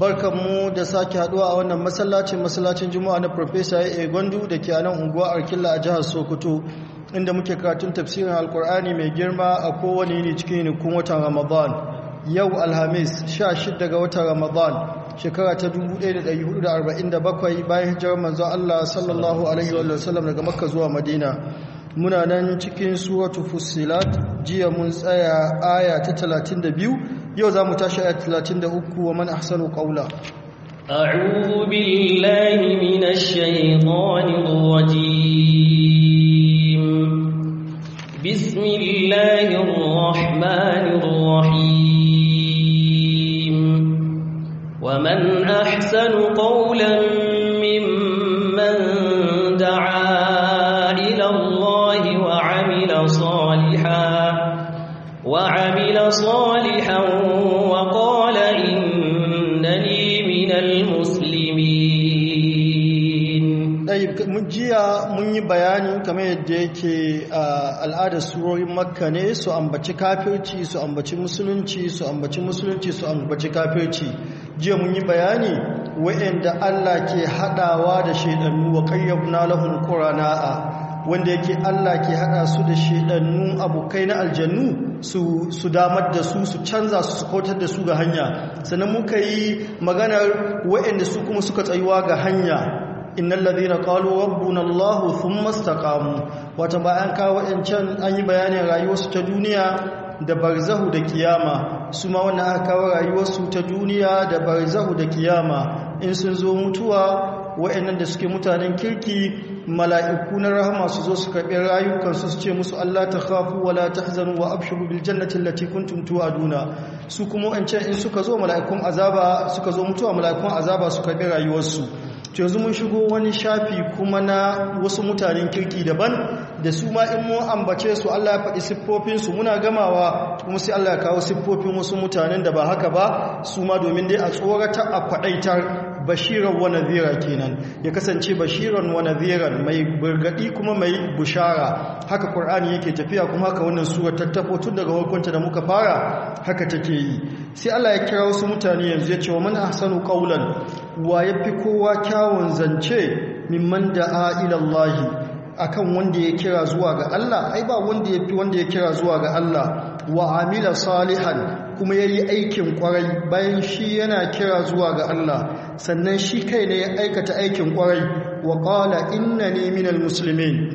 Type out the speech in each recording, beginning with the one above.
barkanmu da sake haduwa a wannan masallacin masallacin juma'a na professor A Gwandu da ke a nan unguwa Arkilla a jihar Sokoto inda muke karatun tafsirin Alkur'ani mai girma a kowane yini cikin yinikun watan Ramadan yau Alhamis 16 ga watan Ramadan shekara ta 1447 bayan hijirar manzo Allah sallallahu alaihi wa sallam daga Makka zuwa Madina muna nan cikin suratu fusilat jiya mun tsaya aya ta 32 يوزا za mu tashi ومن أحسن قولا أعوذ بالله من الشيطان الرجيم بسم الله الرحمن الرحيم ومن أحسن قولا ممن عمل صالحا وقال إنني من المسلمين طيب jiya mun yi bayani kamar yadda yake al'adar surorin makka ne su ambaci kafirci su ambaci musulunci su ambaci musulunci kafirci jiya mun yi bayani wa'anda Allah ke haɗawa da shaidannu wa qayyabna lahum qurana'a wanda yake Allah ke hada su da shedannu abokai na aljannu su damar da su su canza su kotar da su ga hanya sannan muka yi maganar waɗanda su kuma suka tsayuwa ga hanya innal ladhina qalu rabbuna allah thumma istaqamu wata bayan ka can an yi bayanin rayuwarsu ta duniya da barzahu da kiyama su ma wannan aka kawo rayuwarsu ta duniya da barzahu da kiyama in sun zo mutuwa wa'annan da suke mutanen kirki mala'iku na rahama su zo su karɓi rayukansu su ce musu Allah ta khafu wala tahzanu wa abshiru bil jannatin allati tuntuwa duna su kuma in ce in suka zo mala'ikun azaba suka zo mutuwa mala'ikun azaba su karɓi rayuwarsu ce zu mun shigo wani shafi kuma na wasu mutanen kirki daban da su ma in mun ambace su Allah ya faɗi siffofinsu su muna gamawa kuma sai Allah ya kawo siffofin wasu mutanen da ba haka ba su ma domin dai a tsorata a faɗaitar bashiran wani zira kenan ya kasance bashiran wani nadhiran mai burgadi kuma mai bushara haka ƙur'ani yake tafiya kuma haka wannan sura ta tun daga hukunta da muka fara haka take yi sai Allah ya kira wasu mutane yanzu ya ce wa mana hasanu ƙaunan wa fi kowa kyawun zance mimman da'a ila A kan wanda ya kira zuwa ga Allah ai ba wanda ya fi wanda ya kira zuwa ga Allah wa amila salihan kuma ya yi aikin kwarai bayan shi yana kira zuwa ga Allah sannan shi kai ne ya aikata aikin kwarai wa ƙala inna ne minal musulmin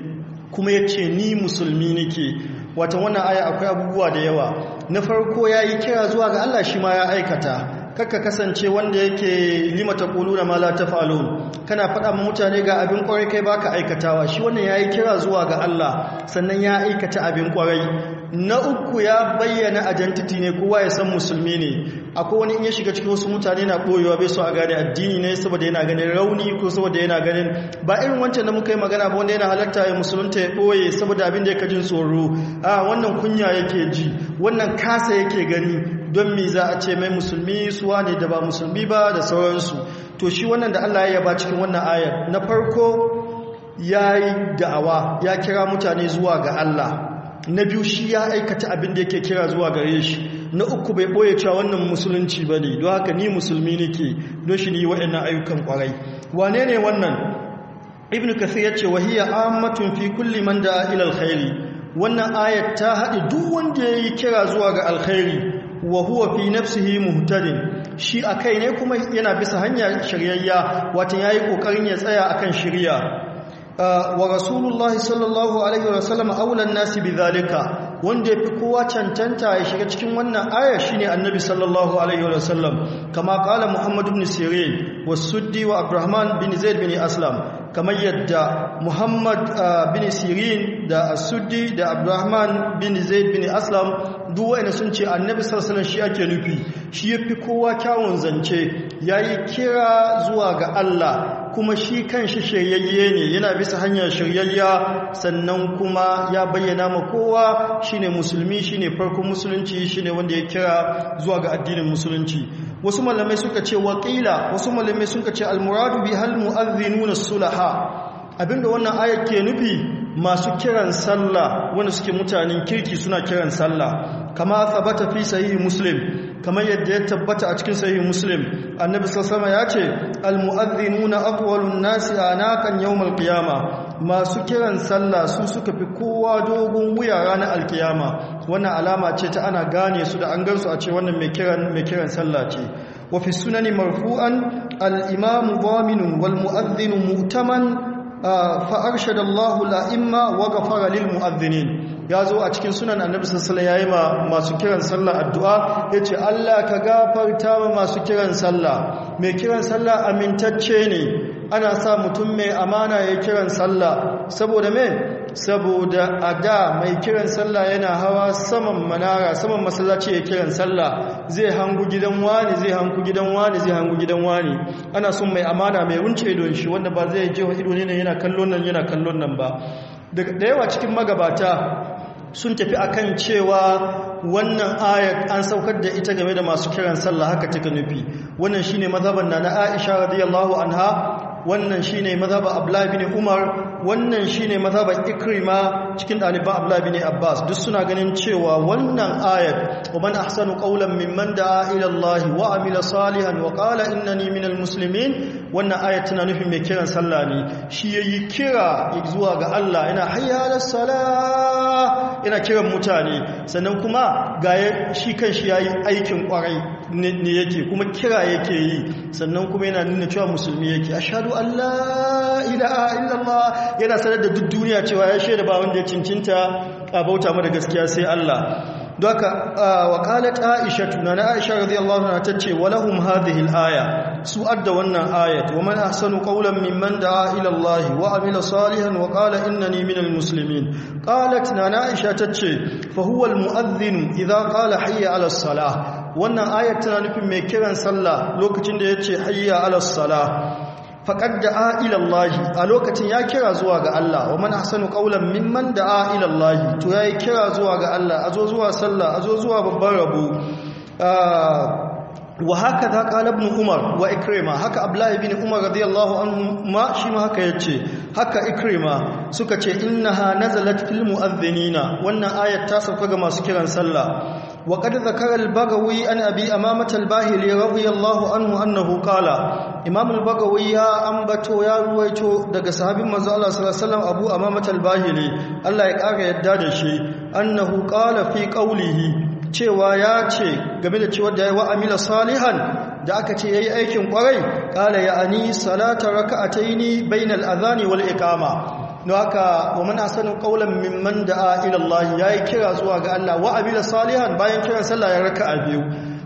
kuma ya ce ni musulmi nake wata wannan aya akwai abubuwa da yawa na farko ya yi kira zuwa ga Allah shi ma ya aikata kakka kasance wanda yake limata quluna ma ta falo? kana faɗa ma mutane ga abin kwarai kai baka aikatawa shi wannan yayi kira zuwa ga Allah sannan ya aikata abin kwarai na uku ya bayyana identity ne kowa ya san musulmi ne akwai wani in ya shiga cikin wasu mutane na boyewa bai so a gane addini ne saboda yana ganin rauni ko saboda yana ganin ba irin wancan da muka yi magana ba wanda yana halatta ya musulunta ya ɓoye saboda abin da ya kajin tsoro a wannan kunya yake ji wannan kasa yake gani don me za a ce mai musulmi suwa ne da ba musulmi ba da sauransu to shi wannan da Allah ya ba cikin wannan ayar na farko ya yi da'awa ya kira mutane zuwa ga Allah na biyu shi ya aikata abin da yake kira zuwa gare shi na uku bai boye cewa wannan musulunci ba ne don haka ni musulmi nake don shi ni waɗannan ayyukan kwarai wane ne wannan ibn kasir ya ce wahiya ammatun fi kulli man da ila wannan ayat ta haɗe duk wanda ya yi kira zuwa ga alkhairi wa huwa fi nafsihi muhtadin shi a kai ne kuma yana bisa hanya shiryayya watan yayi kokarin ya tsaya akan shirya uh, wa rasulullahi sallallahu alaihi wa sallam aulan nasi bidhalika wanda ya fi kowa cancanta ya shiga cikin wannan aya shine annabi sallallahu alaihi wa sallam kama kala Muhammadu bin sirin wa suddi wa abrahman bin zaid bin aslam kamar yadda muhammad ah, bin sirin da suddi da abrahman bin zaid bin aslam duk wa'ina sun ce annabi sallallahu shi ake nufi shi ya fi kowa kyawun zance ya yi kira zuwa ga allah kuma shi kan shi shiryayye ne yana bisa hanyar shiryayya sannan kuma ya bayyana ma kowa shine musulmi shine farkon musulunci shine wanda ya kira zuwa ga addinin musulunci wasu malamai suka ce waƙila wasu malamai suka ce almuradu bi hal na sulaha abinda wannan ayat ke nufi masu kiran sallah wanda suke mutanen kirki suna kiran sallah kama thabata fi sahihi muslim kamar yadda ya tabbata a cikin sahih muslim annabi sallallahu ya ce almu'adhdhinuna aqwalun nasi anaqan yawmal qiyamah masu kiran sallah su suka fi kowa dogon wuya ranar alkiyama wannan alama ce ta ana gane su da an gansu a ce wannan mai kiran mai kiran sallah ce wa fi sunani marfu'an al-imam dhaminun wal mu'adhdhin mu'taman fa arshada Allahu la'imma wa ghafara lil mu'adhdhinin ya zo a cikin sunan annabi sassala ya yi masu kiran sallah addu'a ya ce Allah ka gafarta ma masu kiran sallah mai kiran sallah amintacce ne ana sa mutum mai amana ya kiran sallah saboda mai saboda a da mai kiran sallah yana hawa saman manara saman masallaci ya kiran sallah zai hangu gidan wani zai hangu gidan wani zai hangu gidan wani ana son mai amana mai runce idon shi wanda ba zai je wa ido ne yana kallon nan yana kallon nan ba da yawa cikin magabata sun tafi akan cewa wannan ayat an saukar da ita game da masu kiran sallah haka take nufi wannan shine mazhaban na Aisha radiyallahu anha wannan shine mazhaban Abdullahi bin Umar wannan shine mazhaban Ikrima cikin ɗaliban Abdullahi bin Abbas duk suna ganin cewa wannan ayat man ahsanu qawlan mimman da'a ila Allah wa amila salihan wa qala innani minal muslimin wannan ayat tana nufin mai kiran sallah ne shi ya yi kira zuwa ga Allah yana hayya yana kiran mutane sannan kuma ga shi ya yi aikin kwarai ne yake kuma kira yake yi sannan kuma yana nuna cewa musulmi yake ashhadu an yana sanar da duk duniya cewa ya shaida ba wanda ya cincinta a bauta mada gaskiya sai Allah doka wa aisha tunana aisha radiyallahu anha tace walahum hadhihi alaya su adda wannan ayat wa man ahsanu qawlan mimman da'a ila Allah wa amila salihan wa qala innani minal muslimin qalat nana aisha tace fa huwa al mu'adhdhin idha qala hayya ala salah wannan ayat tana nufin mai kiran sallah lokacin da yace hayya ala salah faƙad da'a ilallahi a lokacin ya kira zuwa ga Allah wa man ahsanu qawlan mimman da'a ilallahi to yayi kira zuwa ga Allah azo zuwa sallah azo zuwa babban rabo ah, wa haka za ƙala ibn umar wa ikrima haka abdullahi bin umar radiyallahu anhu ma shi ma haka yace haka ikrima suka ce innaha nazalat fil mu'adhdhinina wannan ayat ta sauka ga masu kiran sallah wa qad zakara al-bagawi an abi amamah al-bahili radiyallahu anhu annahu qala imam al-bagawi ya ambato ya ruwaito daga sahabin manzo Allah sallallahu alaihi wasallam abu amamah al-bahili Allah ya ƙara yadda da shi annahu qala fi qawlihi cewa ya ce game da cewa da ya wa amila salihan da aka ce yayi aikin kwarai qala ya ani salata ni bainal azani wal ikama don haka wa muna sanin kaulan mimman da a ilallah ya yi kira zuwa ga Allah wa abila salihan bayan kiran sallah ya raka a biyu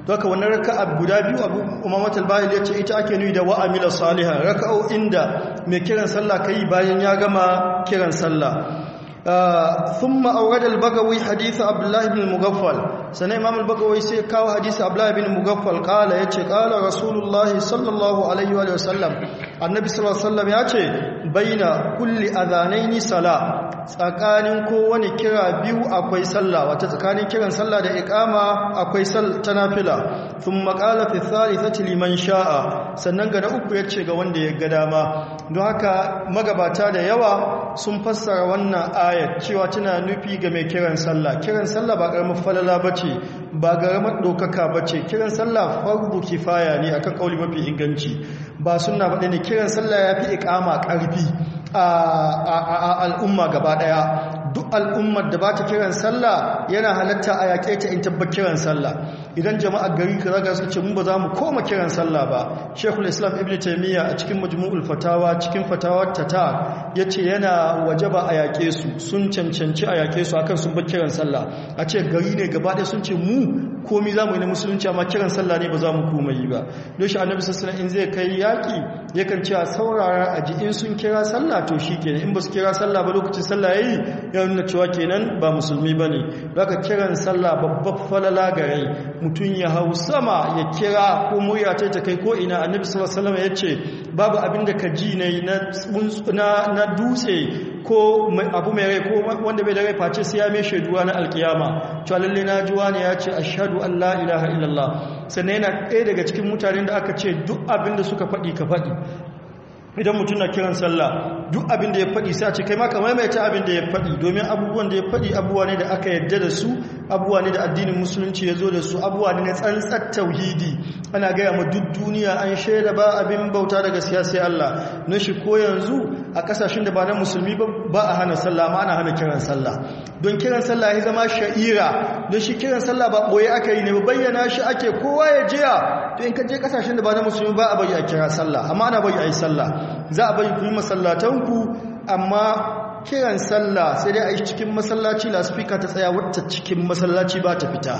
doka haka raka a guda biyu abu umamatul bahil ya ce ita ake nuni da wa amila salihan raka inda mai kiran sallah ka yi bayan ya gama kiran sallah thumma awrada al-bagawi hadith abdullah ibn mughaffal sana imam al-bagawi sai kawo hadith abdullah ibn mughaffal kala yace kala rasulullah sallallahu alaihi wa annabi sallallahu alaihi wa sallam yace baina kulli adhanaini sala tsakanin kowane kira biyu akwai sallah wata tsakanin kiran sallah da iqama akwai sal ta nafila thumma qala fi thalithati liman sha'a sannan ga na uku yace ga wanda ya ga dama don haka magabata da yawa sun fassara wannan ayat cewa tana nufi ga mai kiran sallah kiran sallah ba karamar falala bace ba karamar dokaka bace kiran sallah farbu kifaya ne akan kauli mafi inganci ba sunna ba ne kiran sallah yafi iqama karfi a al'umma gaba daya duk al'ummar da ba ta kiran sallah yana halatta a yaƙe ta in tabbar kiran sallah idan jama'ar gari kaza zaga su ce mun ba za mu koma kiran sallah ba shekul islam ibn taimiyya a cikin majmu'ul fatawa cikin fatawar tata ya ce yana wajaba a yaƙe su sun cancanci a yaƙe su akan sun ba kiran sallah a ce gari ne gaba ɗaya sun ce mu komi za mu yi na musulunci amma kiran sallah ne ba za mu koma yi ba don shi annabi sassana in zai kai yaƙi yakan ce a saurara a ji in sun kira sallah to shi kenan in ba su kira sallah ba lokacin sallah ya yi ya nuna cewa kenan ba musulmi ba ne kiran sallah babbar falala rai. mutum ya hau sama ya kira ko murya ta ta kai koina ina annabi sallallahu ala'uwa ya ce babu abin da ka ji na dutse ko abu mai rai ko wanda bai da rai face sai ya mai shaiduwa na alkiyama to na ji wani ya ce a shaɗu allah ilaha illallah sannan yana ɗaya daga cikin mutanen da aka ce duk abin da suka faɗi ka faɗi idan mutum na kiran sallah duk abin da ya faɗi sai a ce kai ma maimaita abin da ya faɗi domin abubuwan da ya faɗi abubuwa ne da aka yadda da su abubuwa ne da addinin musulunci ya zo da su abubuwa ne na tsantsar tauhidi ana gaya ma duk duniya an shaida ba abin bauta daga siyasai Allah na shi ko yanzu a kasashen da ba na musulmi ba a hana sallah ma ana hana kiran sallah don kiran sallah ya zama sha'ira don shi kiran sallah ba ɓoye aka yi ne ba bayyana shi ake kowa ya jiya to in ka je kasashen da ba na musulmi ba a bayyana kira sallah amma ana bayyana sallah za a bai ku yi masallatanku amma kiran sallah sai dai a yi cikin masallaci lasifika ta tsaya wata cikin masallaci ba ta fita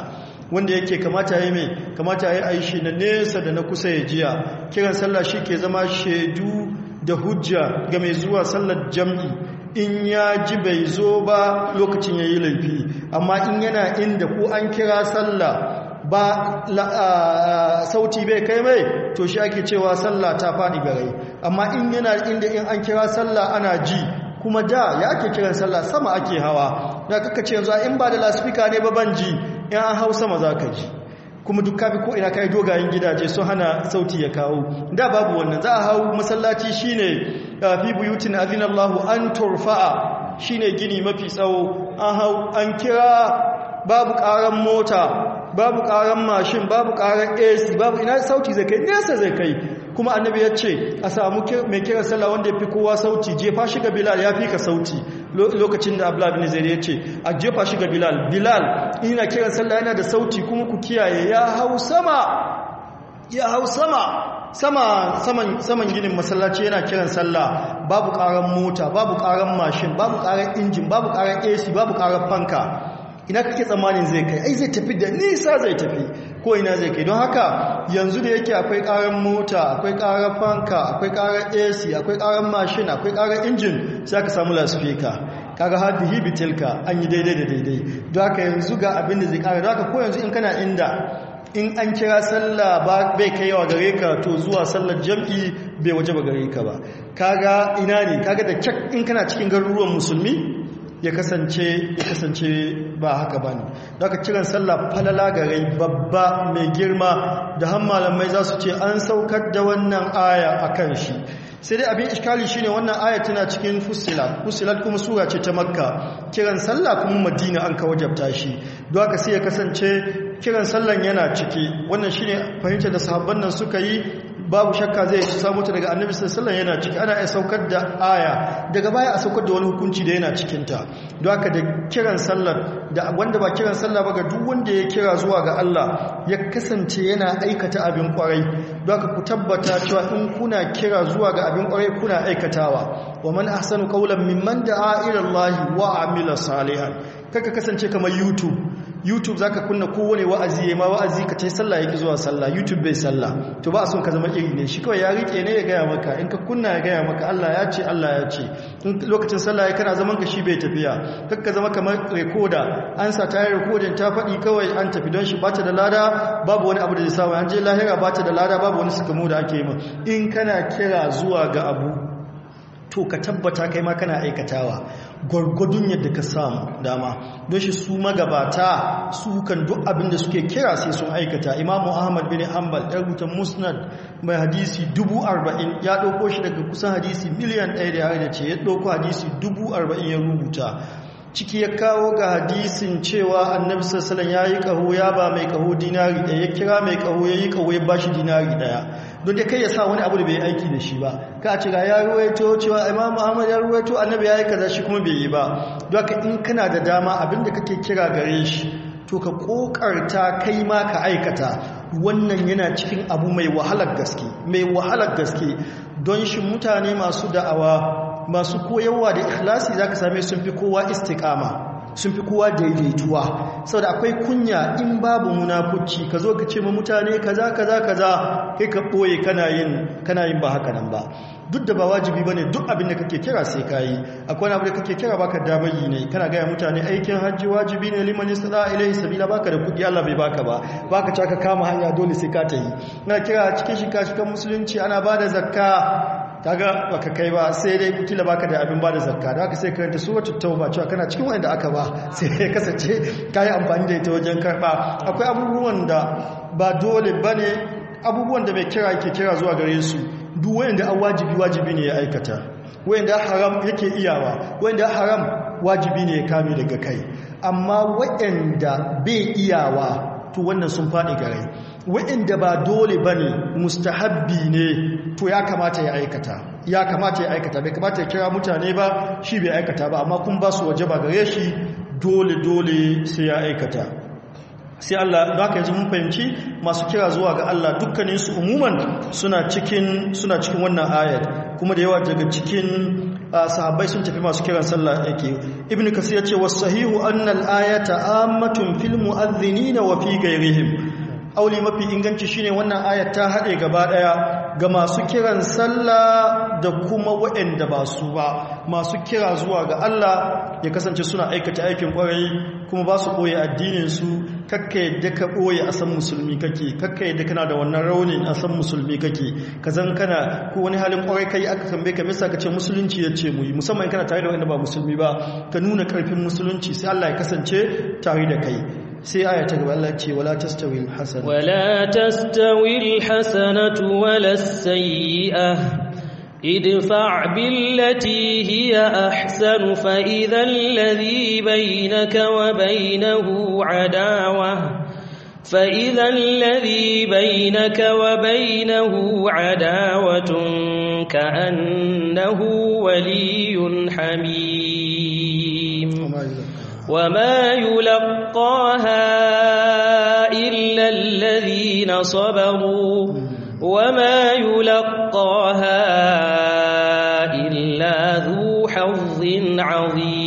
wanda yake kamata ya yi mai kamata ya yi shi na nesa da na kusa ya jiya kiran sallah shi ke zama shaidu da hujja ga mai zuwa sallar jam'i in ya ji bai zo ba lokacin ya yi laifi amma in yana inda ko an kira sallah ba sauti bai kai mai to shi ake cewa sallah ta faɗi gare amma in yana inda in an kira sallah ana ji kuma da ya ake kiran sallah sama ake hawa na kaka ce yanzu in ba da lasifika ne ba ban ji in an hau sama za ka ji kuma duk kafi ko ina kai dogayen gidaje sun hana sauti ya kawo da babu wannan za a hau masallaci shine fi buyutin azinallahu an turfa'a shine gini mafi tsawo an hau an kira babu karan mota babu karan mashin babu karan AC babu ina sauti zai kai nesa zai kai kuma annabi ya ce a samu mai kira sallah wanda ya fi kowa sauti jefa shi ga Bilal ya fi ka sauti lokacin da abu labin zai ya ce a jefa shi ga Bilal Bilal ina kiran sallah yana da sauti kuma ku kiyaye ya hau sama ya hau sama sama saman saman ginin masallaci yana kiran sallah babu karan mota babu karan mashin babu karan injin babu karan AC babu karan fanka ina kake tsammanin zai kai ai zai tafi da nisa zai tafi ko ina zai kai don haka yanzu da yake akwai karar mota akwai karar fanka akwai karar ac akwai karar mashin akwai karar injin sai ka samu lasfika kaga hadihi bitilka an yi daidai da daidai don haka yanzu ga abin da zai kara don haka ko yanzu in kana inda in an kira sallah ba bai kai yawa gare ka to zuwa sallar jam'i bai waje ba gare ka ba kaga ina ne kaga da kyak in kana cikin garuruwan musulmi ya kasance ya kasance ba haka da daga kiran sallah falala gare babba mai girma da har malamai za su ce an saukar da wannan aya a kan shi sai dai abin iskali shine wannan aya tana cikin fusilat fusilat kuma sura ce ta makka kiran sallah kuma madina an ka wajabta shi don haka sai ya kasance kiran sallan yana ciki wannan shine fahimtar da sahabban nan suka yi babu shakka zai samu ta daga annabi sallallahu alaihi yana ciki ana iya saukar da aya daga baya a saukar da wani hukunci da yana cikin ta don haka da kiran sallar da wanda ba kiran sallah ba ga duk wanda ya kira zuwa ga Allah ya kasance yana aikata abin kwarai don haka ku tabbata cewa in kuna kira zuwa ga abin kwarai kuna aikatawa wa man ahsanu qawlan mimman da'a ila Allah wa amila salihan kaka kasance kamar YouTube youtube zaka kunna kowane wa'azi ya ma wa'azi ka tai sallah yake zuwa sallah youtube bai sallah to ba a son ka zama iri ne shi kawai ya rike ne ya gaya maka in ka kunna ya gaya maka Allah ya ce Allah ya ce in lokacin sallah ya kana zaman ka shi bai tafiya kakka zama kamar rekoda an sa tayar rekodin ta faɗi kawai an tafi don shi bata da lada babu wani abu da zai samu an je lahira bata da lada babu wani sukamu da ake yi in kana kira zuwa ga abu to ka tabbata kai ma kana aikatawa gwargwadon yadda ka samu dama don shi su magabata su kan duk abin da suke kira sai sun aikata imamu ahmad bin hanbal ya rubuta musnad mai hadisi dubu ya ɗauko shi daga kusan hadisi miliyan ɗaya da ya ce ya ɗauko hadisi dubu arba'in ya rubuta ciki ya kawo ga hadisin cewa annabi sassanin ya yi kaho ya ba mai kaho dinari ɗaya ya kira mai kaho ya yi ya ba shi dinari ɗaya don dai kai ya sa wani abu da bai aiki da shi ba ka ce ga ya ruwaito cewa imam muhammad ya ruwaito annabi ya yi kaza shi kuma bai yi ba don in kana da dama abin da kake kira gare shi to ka kokarta kai ma ka aikata wannan yana cikin abu mai wahalar gaske mai wahalar gaske don shi mutane masu da'awa masu koyarwa da ikhlasi zaka same sun fi kowa istiqama sun fi kowa daidaituwa saboda akwai kunya in babu munafuci ka zo ka ce ma mutane kaza kaza kaza kai ka boye kana yin ba haka nan ba duk da ba wajibi ne duk abin da kake kira sai yi akwai abin da kake kira baka damar yi ne kana gaya mutane aikin hajji wajibi ne liman istata ilaihi sabila ka da kudi Allah bai baka ba baka ca ka kama hanya dole sai ka ta yi na kira cikin shika musulunci ana bada zakka kaga baka kai ba sai dai kila baka da abin ba da zakka da haka sai karanta suratul tauba cewa kana cikin wanda aka ba sai ya kasance kai amfani da ita wajen karba akwai abubuwan da ba dole bane abubuwan da mai kira yake kira zuwa gare su duk wanda an wajibi wajibi ne ya aikata wanda haram yake iyawa wanda haram wajibi ne ya kame daga kai amma wa'anda bai iyawa to wannan sun faɗi gare Wa'inda ba dole ba ne mustahabbi ne to ya kamata ya aikata ya kamata ya aikata bai kamata ya kira mutane ba shi bai aikata ba amma kun ba su waje ba gare shi dole-dole sai ya aikata sai Allah ba ka yanzu mun fahimci masu kira zuwa ga Allah dukkaninsu umuman suna cikin suna wannan ayat kuma da yawa daga cikin ah, sahabbai sun tafi masu kiran sallah yake ibnu kasir ya ce was sahihu anna al ayata ammatun fil mu'adhdhinina wa fi ghayrihim auli mafi inganci shine wannan ayat ta haɗe gaba ɗaya ga masu kiran sallah da kuma waɗanda ba su ba masu kira zuwa ga Allah ya kasance suna aikata aikin ƙwarai kuma ba su ɓoye addininsu kakka yadda ka ɓoye a san musulmi kake kakka yadda kana da wannan raunin a san musulmi kake ka zan kana ko wani halin ƙwarai kai aka tambaye ka misa ka ce musulunci ya ce muyi musamman kana tare da wanda ba musulmi ba ka nuna ƙarfin musulunci sai Allah ya kasance tare da kai سي آية والله ولا تستوي الحسنة ولا تستوي الحسنة ولا السيئة ادفع بالتي هي أحسن فإذا الذي بينك وبينه عداوة فإذا الذي بينك وبينه عداوة كأنه ولي حميد وما يلقاها إلا الذين صبروا وما يلقاها إلا ذو حظ عظيم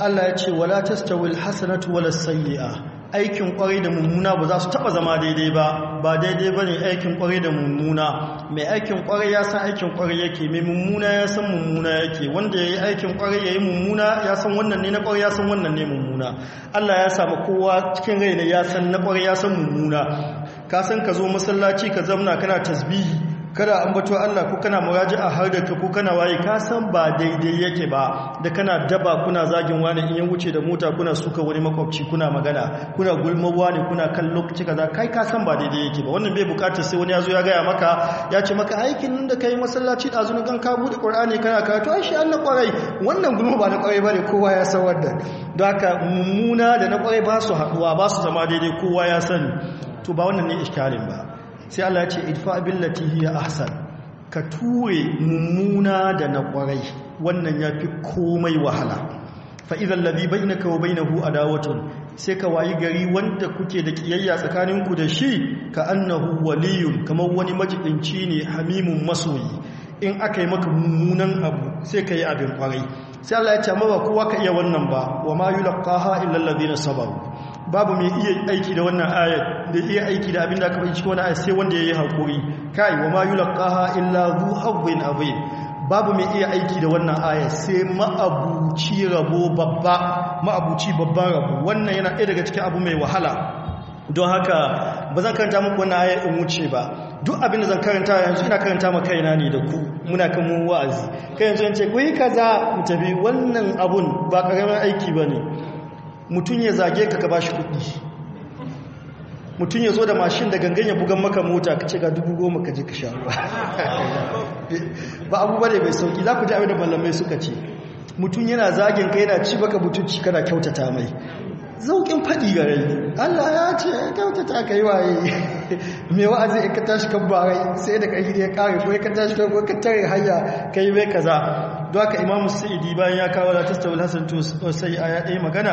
Allah ya ce wala tastawil hasanatu wala sayyi'a aikin kwarai da mummuna ba za su taba zama daidai ba ba daidai ba ne aikin kwarai da mummuna mai aikin kwarai ya san aikin kwarai yake mai mummuna ya san mummuna yake wanda yayi aikin kwarai yayi mummuna ya san wannan ne na kwarai ya san wannan ne mummuna Allah ya sami kowa cikin rai ne ya na kwarai ya san mummuna ka san ka zo masallaci ka zauna kana tasbihi kada an ambato Allah ku kana muraji'a har da ko kana waye ka san ba daidai yake ba da kana daba kuna zagin wani in ya wuce da mota kuna suka wani makwabci kuna magana kuna gulmawa ne kuna kan lokaci kaza kai ka san ba daidai yake ba wannan bai bukatar sai wani yazo ya gaya maka ya ce maka aikin nan da kai masallaci da azumin kan ka bude Qur'ani kana karatu ai shi an na kwarai wannan gulma ba na kwarai bane kowa ya san wannan don haka mummuna da na kwarai ba su haduwa ba su zama daidai kowa ya sani to ba wannan ne iskalin ba sai Allah ya ce idfa billati hiya ahsan ka ture mummuna da na kwarai wannan ya fi komai wahala bai na kawo bai na hu a adawatun sai ka wayi gari wanda kuke da kiyayya tsakaninku da shi ka annahu waliyun kamar wani majibinci ne hamimun masoyi in aka yi maka mummunan abu sai ka yi abin kwarai sai Allah ya ce amma ba kowa ka iya wannan ba wa ma yi yulqaha illa na sabaru babu mai iya aiki da wannan ayat da iya aiki da abinda aka fahimci wannan ayat sai wanda ya yi haƙuri kai wa ma yulqaha illa zu hawwin abin babu mai iya aiki da wannan ayat sai ma'abuci rabo babba ma'abuci babban rabo wannan yana ɗaya daga cikin abu mai wahala don haka ba zan karanta muku wannan ayat in wuce ba duk abin da zan karanta yanzu ina karanta ma kaina ne da ku muna kan mu wa'azi kai yanzu an ce ku yi kaza mu tafi wannan abun ba karamin aiki bane mutum ya zage ka ka bashi kuɗi mutum ya zo da mashin da gangan ya bugan maka mota ka ce ga dubu goma ka je ka sha ruwa ba abu ne mai sauki za ku ji abin da malamai suka ce mutum yana zagin ka yana ci baka mutunci kana kyautata mai zaukin faɗi ga rai Allah ya ce kyautata ka yi waye mai wa'azi in ka tashi kan barai sai da ƙarfi ya ƙare ko ya ka tashi kan ko ka tare hanya ka yi mai kaza don haka sa'idi bayan ya kawo la tastawil hasanatu sai aya ɗaya magana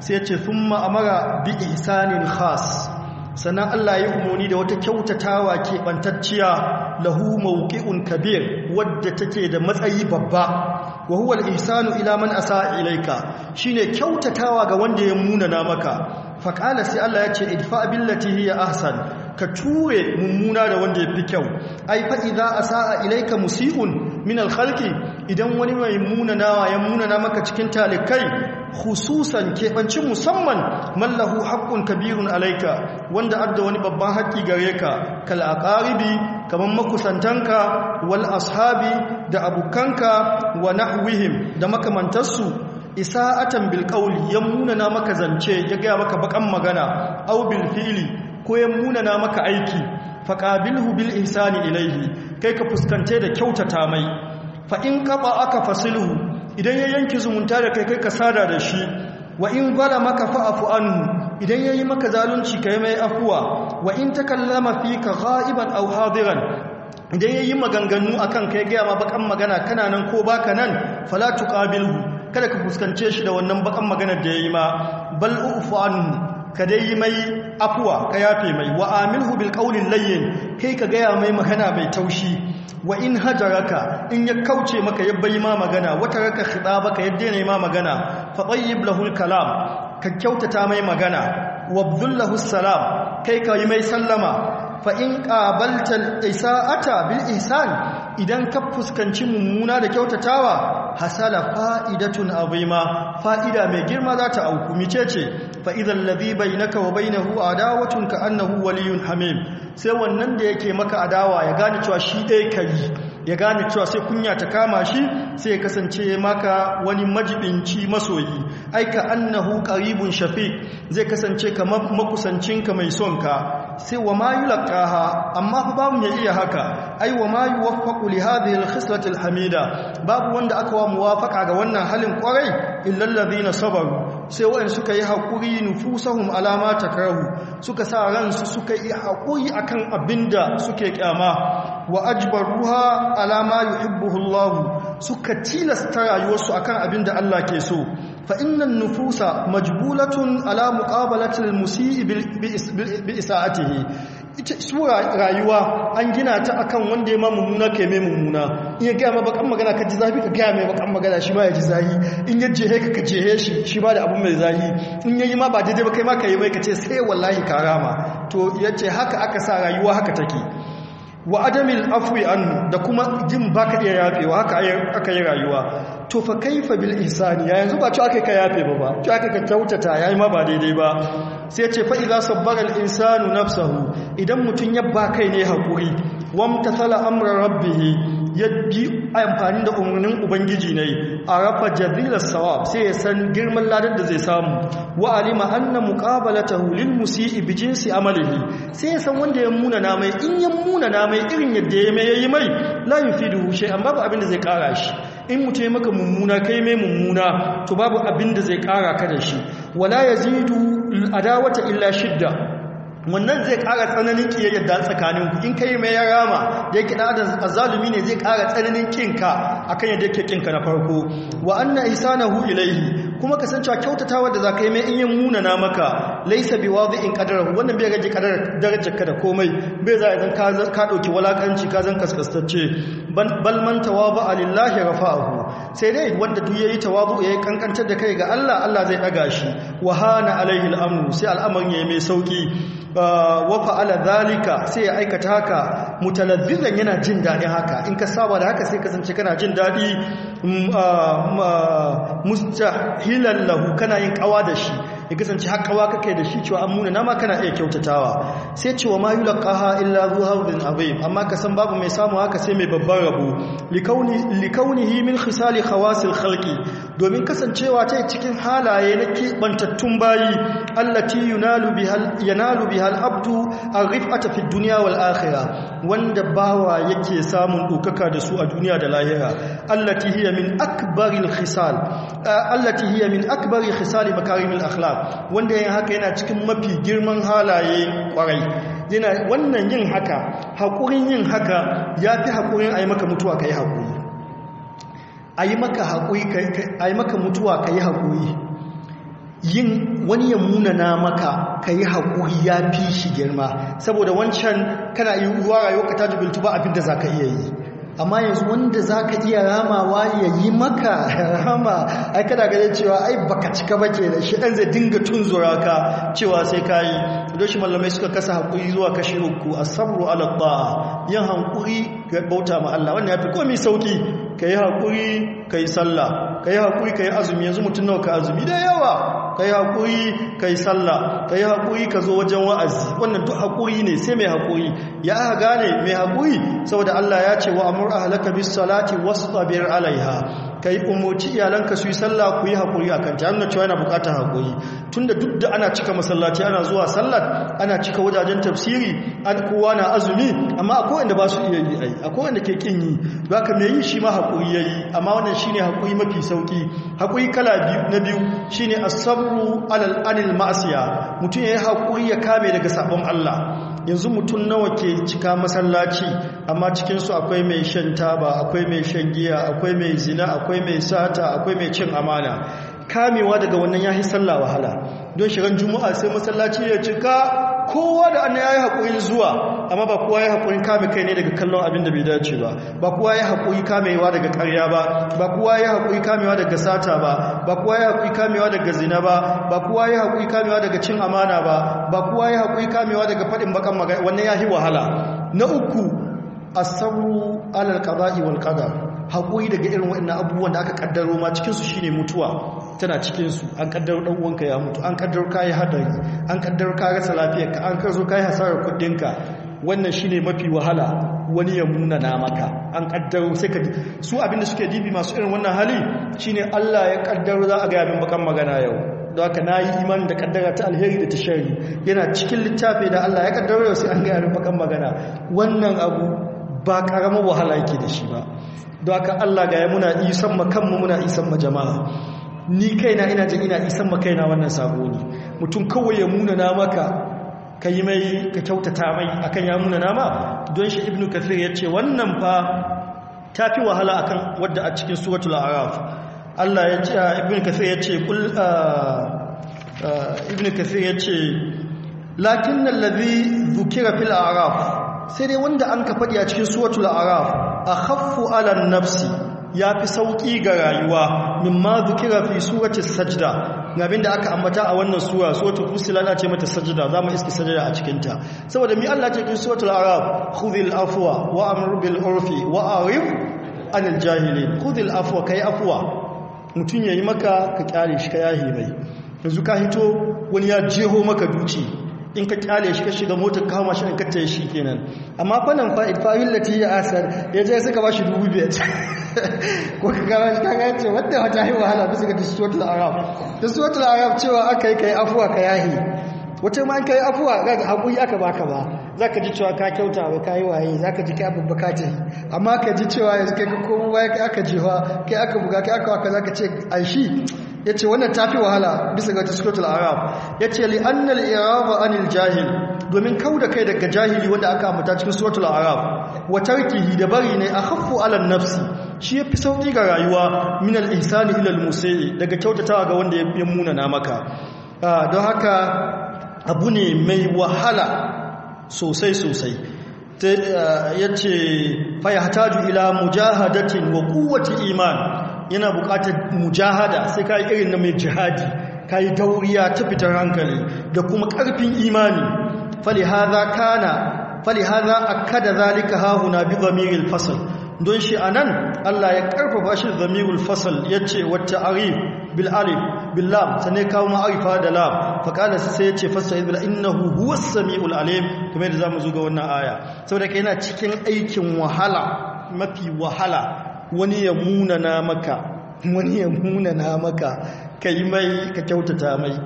sai ya ce thumma amara bi ihsanin khas sannan Allah ya umuni da wata kyautatawa ke bantacciya lahu mawqi'un kabir wadda take da matsayi babba wa huwa al-ihsanu ila man asaa ilayka shine kyautatawa ga wanda ya munana maka qala sai Allah ya ce idfa billati hiya ahsan ka ture mummuna da wanda ya fi kyau ai fa idza asaa ilayka musiun min al-khalqi idan wani mai munanawa ya munana maka cikin talikai hususan keɓanci musamman mallahu haƙƙun kabirun alaika wanda adda wani babban haƙƙi gare ka kal aqaribi kaman makusantanka wal ashabi da abukanka wa nahwihim da makamantarsu isa'atan bil qawli ya munana maka zance ya gaya maka bakan magana aw bil fi'li ko ya munana maka aiki faqabilhu bil ihsani ilaihi kai ka fuskance da kyautata mai fa in aka fasilu idan ya yanki zumunta da kai kai ka sada da shi wa in maka fa'afu anhu idan ya yi maka zalunci kai mai afuwa wa in takallama ka ghaiban aw hadiran idan ya yi maganganu a kan kai gaya ma bakan magana kana nan ko baka nan falatu ƙabilu kada ka fuskance shi da wannan bakan maganar da ya yi ma bal'ufu annu ka dai mai afuwa ka yafe mai wa amilhu bil qawlin layyin kai ka gaya mai magana bai taushi wa in hajaraka in ya kauce maka ya bai ma magana wata raka khidabaka ya daina ma magana fa tayyib lahu al kalam ka kyautata mai magana wa abdullahu salam kai ka yi mai sallama fa in qabalta al isaata bil ihsan idan ka fuskanci mummuna da kyautatawa hasala fa'idatun azima fa'ida mai girma za ta auku micece fa na ladhi bainaka wa bainahu adawatun ka annahu waliyun hamim sai wannan da yake maka adawa ya gane cewa shi dai kari ya gane cewa sai kunya ta kama shi sai ya kasance maka wani majibinci masoyi aika annahu karibun shafiq zai kasance kamar makusancinka mai sonka sai wa ma yulqaha amma babu mai iya haka ai wa ma yuwaffaqu li hadhihi al-khislati hamida babu wanda aka wa muwafaka ga wannan halin kwarai illal na sabaru sai wa'in suka yi hakuri nufusahum alama takrahu suka sa ransu suka yi hakuri akan abinda suke kyama wa ajbaruha alama yuhibbuhu Allah suka tilasta rayuwarsu akan da Allah ke so fa innan nufusa majbulatun ala muqabalatil musii bi isaatihi ita sura rayuwa an gina ta akan wanda ya ma mummuna kai mai mummuna in ya gaya ma bakan magana ka ji zafi ka gaya mai bakan magana shi ma ya ji zahi in ya jehe ka ka jehe shi shi ba da abin mai zahi in ya yi ma ba daidai ba kai ma ka yi mai ka ce sai wallahi ka rama to ya ce haka aka sa rayuwa haka take wa adamil afwi annu da kuma jin baka iya yafewa haka aka yi rayuwa to fa kaifa bil ihsani yanzu ba cewa aka ka yafe ba ba cewa ka kyautata yi ma ba daidai ba sai ce za su bar al’insanu na nafsahu idan mutum ya ba kai ne haƙuri. hakuri tala amra rabbih ya bi amfani da umarnin ubangiji ne rafa jadilar sawab sai ya san girman ladar da zai samu wa alima anna ta hulin musii bi jinsi amalihi sai ya san wanda ya muna na mai in ya muna na mai irin yadda ya mai yayi mai la yufidu babu abin da zai kara shi in mutum maka mummuna kai mai mummuna to babu abin da zai kara ka da shi wala yazidu adawata illa shidda wannan zai kara tsananin ƙiyayyar da tsakanin ku in kai mai ya rama da yake da azalumi ne zai kara tsananin kinka akan yadda yake kinka na farko wa anna ihsanahu ilaihi kuma ka san cewa kyautatawa da zakai yi mai in yin na maka laysa bi in qadarahu wannan bai rage qadar ka da komai bai za zan ka dauki walakanci ka zan kaskastacce bal man tawaba lillahi rafa'ahu sai dai wanda duk yayi tawazu yayi kankantar da kai ga Allah Allah zai daga shi wahana alaihi al'amru sai al'amarin yayi mai sauki wa fa'ala zalika sai ya aikata haka mutalazzizan yana jin dadi haka in ka saba da haka sai ka zance kana jin daɗi. Mm, ah, mustahilan lahu kana yin ƙawa da shi ya kasance haƙawa kake da shi cewa an nama kana iya kyautatawa sai cewa ma yulqaha illa zu hawdin azim amma ka san babu mai samu haka sai mai babban rabo likaunihi min khisali khawasil khalqi domin kasancewa ta cikin halaye na kibantattun bayi allati yunalu bihal yanalu bihal abdu arifata fid dunya wal akhirah wanda bawa yake samun ɗaukaka da su a duniya da lahira allati hiya min akbaril khisal allati hiya min akbari khisali makarimil akhlaq Wanda wanda yin haka yana cikin mafi girman halaye kwarai yana wannan yin haka haƙurin yin haka ya fi haƙurin a yi maka mutuwa ka yi haƙuri a yi maka mutuwa ka yi haƙuri yin wani ya munana maka ka yi haƙuri ya fi shi girma saboda wancan kana yi ruwa rayuwa ka ta jubintu ba abinda za ka iya yi amma yanzu wanda za ka iya ramawa ya yi maka rama ai kada gada cewa ai baka cika ba ke da shi ɗan zai dinga tunzura ka cewa sai ka yi don shi mallamai suka kasa haƙuri zuwa kashi uku a sabro alaƙa yin haƙuri ga bauta ma Allah ya fi komi sauƙi ka yi haƙuri ka yi sallah ka yi haƙuri ka yi azumi yanzu mutum nawa ka azumi da yawa kai haƙuri kai sallah kai haƙuri ka zo wajen wa'azi wannan duk haƙuri ne sai mai haƙuri ya gane mai haƙuri saboda Allah ya ce wa amur ahlaka bis salati wastabir alaiha ka yi umarci iyalanka su yi sallah ku yi haƙuri a kanta yana cewa yana buƙatar haƙuri tun da duk da ana cika masallaci ana zuwa sallar ana cika wajajen tafsiri an kowa na azumi amma akwai wanda ba su iya yi ai akwai wanda ke ƙin yi ba ka mai yi shi ma haƙuri ya yi amma wannan ne haƙuri mafi sauƙi haƙuri kala na biyu shi ne a alal anil ma'asiya mutum ya yi haƙuri ya kame daga sabon Allah yanzu mutum nawa ke cika masallaci amma cikinsu akwai mai shan taba akwai mai shan giya akwai mai zina akwai mai sata akwai mai cin amana kamewa daga wannan ya sallah wahala don shigan juma'a sai masallaci ya cika kowa da ya yi haƙuri zuwa amma ba kowa yi haƙuri kame kai ne daga kallon abin da bai dace ba ba kowa yayi hakuri kamewa daga ƙarya ba ba kowa yayi hakuri kamewa daga sata ba ba kowa yayi hakuri kamewa daga zina ba ba kowa yayi hakuri kamewa daga cin amana ba ba kowa yayi hakuri kamewa daga faɗin bakan magana wannan yi wahala na uku asabru alal qada'i wal qadar haƙuri daga irin waɗannan abubuwan da aka ƙaddaro ma cikinsu shine mutuwa tana cikinsu an ƙaddaro ɗan ya mutu an ka kayi hadari an ƙaddaro ka rasa lafiyarka an ka kayi hasarar kuɗinka wannan shine mafi wahala wani ya munana maka an ƙaddaro sai ka su abin da suke dibi masu irin wannan hali shine Allah ya ƙaddaro za a ga abin bakan magana yau don haka na yi imanin da kaddara ta alheri da ta shari yana cikin littafi da Allah ya yau sai an gaya bakan magana wannan abu ba ƙaramar wahala yake da shi ba don haka Allah ga ya muna isan makanmu muna isan ma jama'a ni kaina ina jin ina isan ma kaina wannan sabo ne mutum kawai ya muna na maka ka yi mai ka kyautata mai akan ya muna nama don shi ibnu kathir ya ce wannan fa ta fi wahala akan wadda a cikin suratul araf Allah ya ce ibnu kathir ya ce kul ibnu kathir ya ce lakin allazi dhukira fil araf sai dai wanda an ka faɗi a cikin suratul araf akhaffu alan nafsi ya fi sauƙi ga rayuwa ma zukira fi surati sajda gabin da aka ambata a wannan sura suratul fusilat ana ce mata za zamu iski sajida a cikin ta saboda mi Allah ce cikin suratul arab khudhil afwa wa amr bil urfi wa arif anil jahilin khudhil afwa kai afwa mutun yayi maka ka kyale shi ka yahi mai yanzu ka hito wani ya jeho maka duci in ka kyale shi ka shiga motar kawo shi in kacce shi kenan amma fanan fa'id fa'il da ya asar ya je suka ba shi dubu biyar ko ka ga shi kan yace wadda wata yi wahala bisa ga distort arab distort arab cewa ka kai afuwa ka yahi wata ma kai afuwa ga haƙuri aka baka ba za ka ji cewa ka kyauta ba yi waye za ka ji kai abubba ka ce amma ka ji cewa yanzu kai ka komo waye aka jiwa kai aka buga kai aka waka ka ce ai shi yace wannan ta fi wahala bisa ga tasqatul arab yace li annal iraba anil jahil domin da kai daga jahili wanda aka amuta cikin suratul arab wa tarkihi da bari ne a akhaffu ala nafsi shi ya fi sauƙi ga rayuwa min al ihsani ila al daga kyautatawa ga wanda ya muna na maka ah, don haka abu ne mai wahala sosai sosai ah, yace fa hataju ila mujahadatin wa quwwati iman yana buƙatar mujahada sai ka yi irin na mai jihadi ka yi dauriya ta fitar hankali da kuma ƙarfin imani falihaza kana falihaza akada zalika hahuna bi dhamiril fasl don shi anan Allah ya karfafa shi dhamirul fasl yace wata ari bil alif bil lam sane kawo ma'arifa da lam fa kana sai yace fasa'id bil innahu huwas samiul alim kamar da zamu zo ga wannan aya saboda kai yana cikin aikin wahala mafi wahala wani ya munana maka wani ya munana maka ka yi mai ka kyautata mai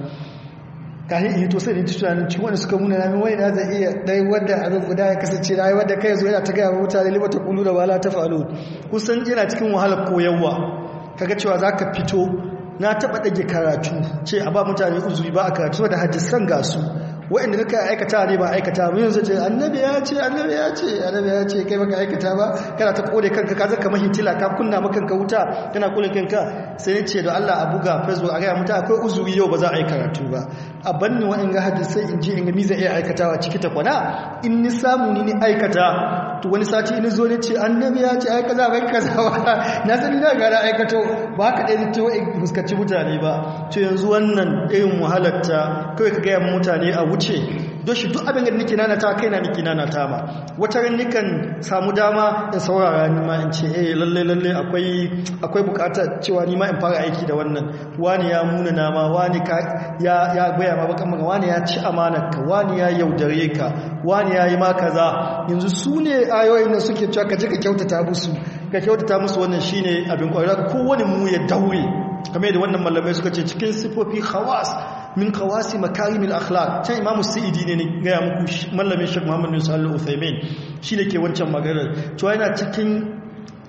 Ka yi yi to sai da tunanin cikin wani suka munana mai wani na zai iya dai wadda zan guda ya kasance na wadda kai zo yana ta gaya wa mutane ta kulu da wala ta falo kusan yana cikin wahalar koyarwa Ka ga cewa za ka fito na taɓa ɗage karatu ce a ba mutane uzuri ba a karatu da hadisan gasu wa'anda kake aikata ne ba aikata ba yanzu ce annabi ya ce annabi ya ce annabi ya ce kai baka aikata ba kana ta kore kanka ka zaka mahintila ka kunna maka kanka wuta kana kore kanka sai ne ce da Allah a buga facebook a ga mutum akwai uzuri yau ba za a yi karatu ba a banni ga hadisi in ji in ga miza iya aikatawa ciki ta kwana in ni samu ni ni aikata to wani sati ni zo ne ce annabi ya ce ai kaza bai kaza ba na sani na gara aikato ba ka dai ce wai fuskaci mutane ba to yanzu wannan irin wahalarta kawai ka ga mutane a wuce don duk abin da nake ta kai na nake ta ba wata ran nikan samu dama in saurara ni ma in ce eh lalle lalle akwai akwai bukata cewa ni ma in fara aiki da wannan wani ya muna na ma wani ka ya ya goya ma bakan maka wani ya ci amanar ka wani ya yaudare ka wani ya yi ma kaza yanzu su ne ayoyin da suke cewa ka je ka kyautata musu ka kyautata musu wannan shine abin kwarewa kowane mu ya daure kamar da wannan malamai suka ce cikin sifofi khawas min kawasi makarimil akhlaq can imamu sa'idi ne ne gaya muku mallamin shek muhammad bin sallu uthaymin shi ne ke wancan maganar cewa yana cikin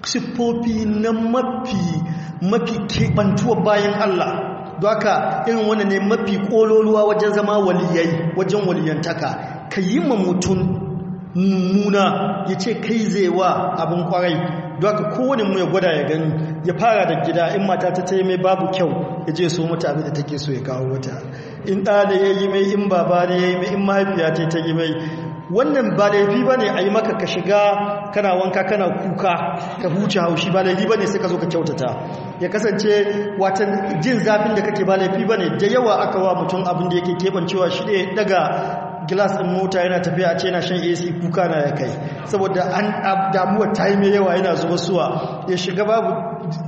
sifofi na mafi mafi kebantuwa bayan allah doka irin wannan ne mafi kololuwa wajen zama waliyai wajen waliyantaka ka yi ma mutum mummuna ya ce kai zai wa abin kwarai don haka kowane mu ya gwada ya gani ya fara da gida in mata ta ta mai babu kyau ya je so mata abin da take so ya kawo wata in ɗa da ya yi mai in baba da ya yi mai in mahaifiya ta ta yi mai wannan ba laifi ba ne a yi maka ka shiga kana wanka kana kuka ka huce haushi ba laifi ba ne sai ka zo ka kyautata ya kasance watan jin zafin da kake ba laifi ba ne da yawa aka wa mutum abin da yake keɓancewa shi ne daga glass ɗin mota yana tafiya a ce yana shan AC kuka na ya kai saboda an damuwa ta yi mai yawa yana zuba suwa ya shiga babu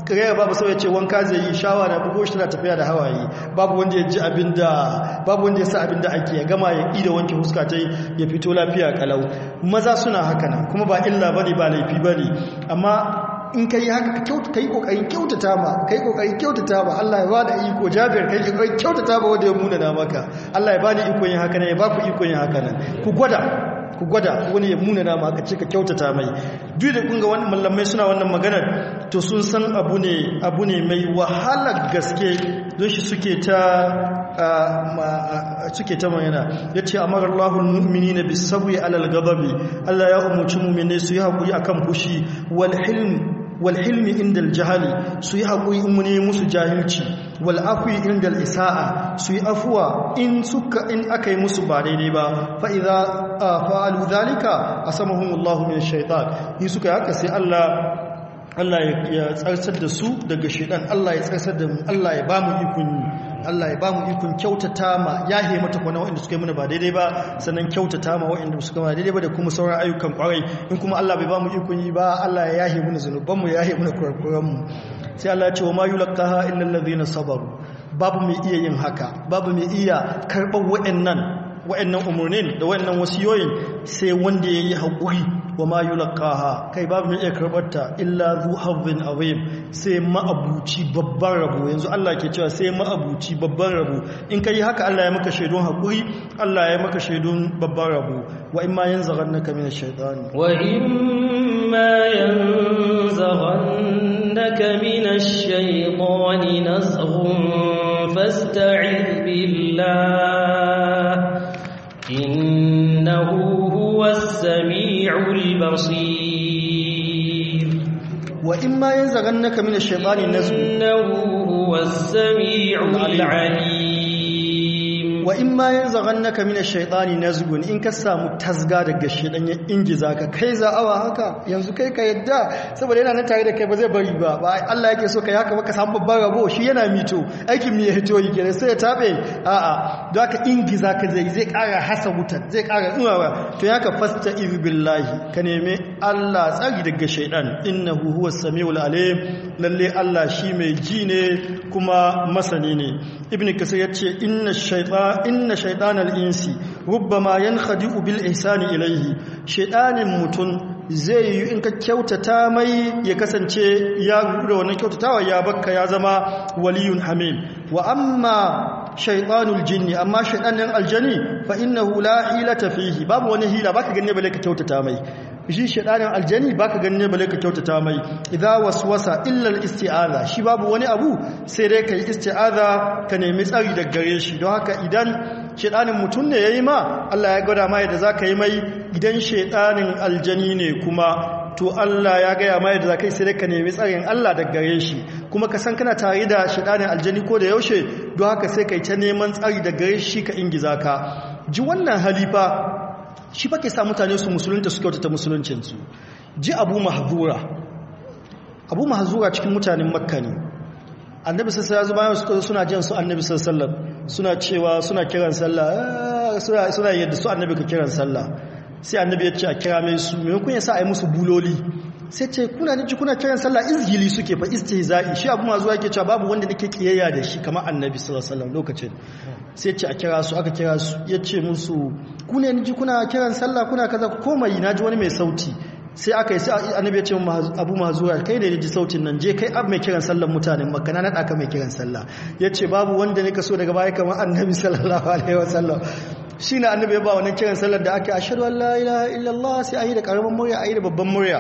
kare babu sau ce wanka zai yi shawa na bugo shi tana tafiya da hawaye babu wanda ya ji abinda babu wanda ya sa abinda ake ya gama ya ida wanke huska ta ya fito lafiya kalau maza suna haka nan kuma ba illa bane ba laifi bane amma in kai haka ka kai kokarin kyautata ma kai kokarin kyautata ma Allah ya bada iko Jabir kai kokarin kyautata ba wanda ya muna na maka Allah ya bani iko yin haka nan ya baku iko yin haka nan ku gwada ku gwada wani ya muna na maka ce ka kyautata mai duk da kun ga wannan mallamai suna wannan maganar to sun san abu ne abu ne mai wahalar gaske don shi suke ta suke ta Ya ce amara Allahu almu'minina bis sabri alal ghadabi Allah ya umurci mu'mine su yi hakuri akan fushi wal hilm wal hilmi inda jahali su yi haƙuri in musu jahilci wal afwi inda isa'a su yi afuwa in suka in aka yi musu ba daidai ba fa idza ah, fa'alu zalika a Allahu min shaytan in suka haka sai Allah Allah ya tsarsar da su daga shidan Allah ya tsarsar da mu Allah ya bamu ikon yi Allah ya bamu ikon kyautata ma yahe mata kwana waɗanda suka yi mana ba daidai ba sannan kyautata ma waɗanda suka mana daidai ba da kuma sauran ayyukan kwarai in kuma Allah bai bamu ikon yi ba Allah ya yahe mana zanuban mu ya yahe mana kurakuran mu sai Allah ya ce wa ma yulqaha illa alladhina sabaru babu mai iya yin haka babu mai iya karɓar waɗannan wa'annan umurnin da wa'annan wasiyoyin sai wanda yayi haƙuri wa ma yulqaha kai babu mai iya karbarta illa zu hazzin azim sai ma'abuci babban rabo yanzu Allah ke cewa sai ma'abuci babban rabo in kai haka Allah ya maka shaidun haƙuri Allah ya maka shaidun babban rabo wa in ma yanzaghannaka min ash-shaytani wa in ma yanzaghannaka min ash-shaytani nazghun فاستعذ بالله إنه هو السميع البصير وإما ينزغنك من الشيطان النزغ إنه هو السميع العليم wa in ma mina shaidani na zugun in ka samu tasga daga shaidan ya ingiza ka kai za'awa haka yanzu kai ka yadda saboda yana nan tare da kai ba zai bari ba ba Allah yake so kai haka baka samu babbar rabo shi yana mito aikin ne ya hito yi kenan sai ya tabe a'a don haka ingiza ka zai zai kara hasa wutar zai kara tsunawa to ya ka fasta iz ka neme Allah tsari daga shaidan innahu huwas samiul alim lalle Allah shi mai ji ne kuma masani ne ibn kasir yace inna shaytan kuma inna shaitanal insi rubbama yankhadi'u bil ihsani ilaihi shaitanin mutum zai yi in ka kyautata mai ya kasance ya gudu wannan kyautatawa ya bakka ya zama waliyun hamil wa amma shaitanul jinni amma shaitanin aljani fa inna la hilata fihi babu wani hila baka gane bale ka kyautata mai shi shaɗanin aljani ba baka ganin bale ka kyautata mai idza waswasa illa al-isti'aza shi babu wani abu sai dai kai isti'aza ka nemi tsari daga gare shi don haka idan shaɗanin mutum ne yayi ma Allah ya gwada mai da zaka yi mai idan shaɗanin aljani ne kuma to Allah ya gaya ma yadda kai sai dai ka nemi tsarin Allah daga gare shi kuma ka san kana tare da shaɗanin aljani ko da yaushe don haka sai kai ta neman tsari daga gare shi ka ingiza ka ji wannan halifa shi fa ke sa mutane su musulunta su kyautata musuluncinsu ji abu mahzura abu mahzura cikin mutanen makka ne annabi sallallahu alaihi wasallam suna jin su annabi sallallahu alaihi wasallam suna cewa suna kiran sallah ah, suna suna yadda su annabi ka kiran sallah sai annabi ya ce a kira mai su me kun yasa ai musu buloli sai ce kuna ji kuna kiran sallah izgili suke fa istihza'i shi abu mazuwa yake cewa babu wanda nake kiyayya da shi kamar annabi sallallahu alaihi wasallam lokacin sai ce a kira su aka kira su yace musu kuna ji kuna kiran sallah kuna kaza ku komai naji wani mai sauti sai aka yi sai annabi ya ce abu zuwa kai ne ji sautin nan je kai ab mai kiran sallar mutanen makana na nada mai kiran sallah ce babu wanda nika so daga baya kamar annabi sallallahu alaihi wasallam na annabi ya ba wannan kiran sallar da ake ashhadu Allah ilaha illallah sai a yi da karamin murya a yi da babban murya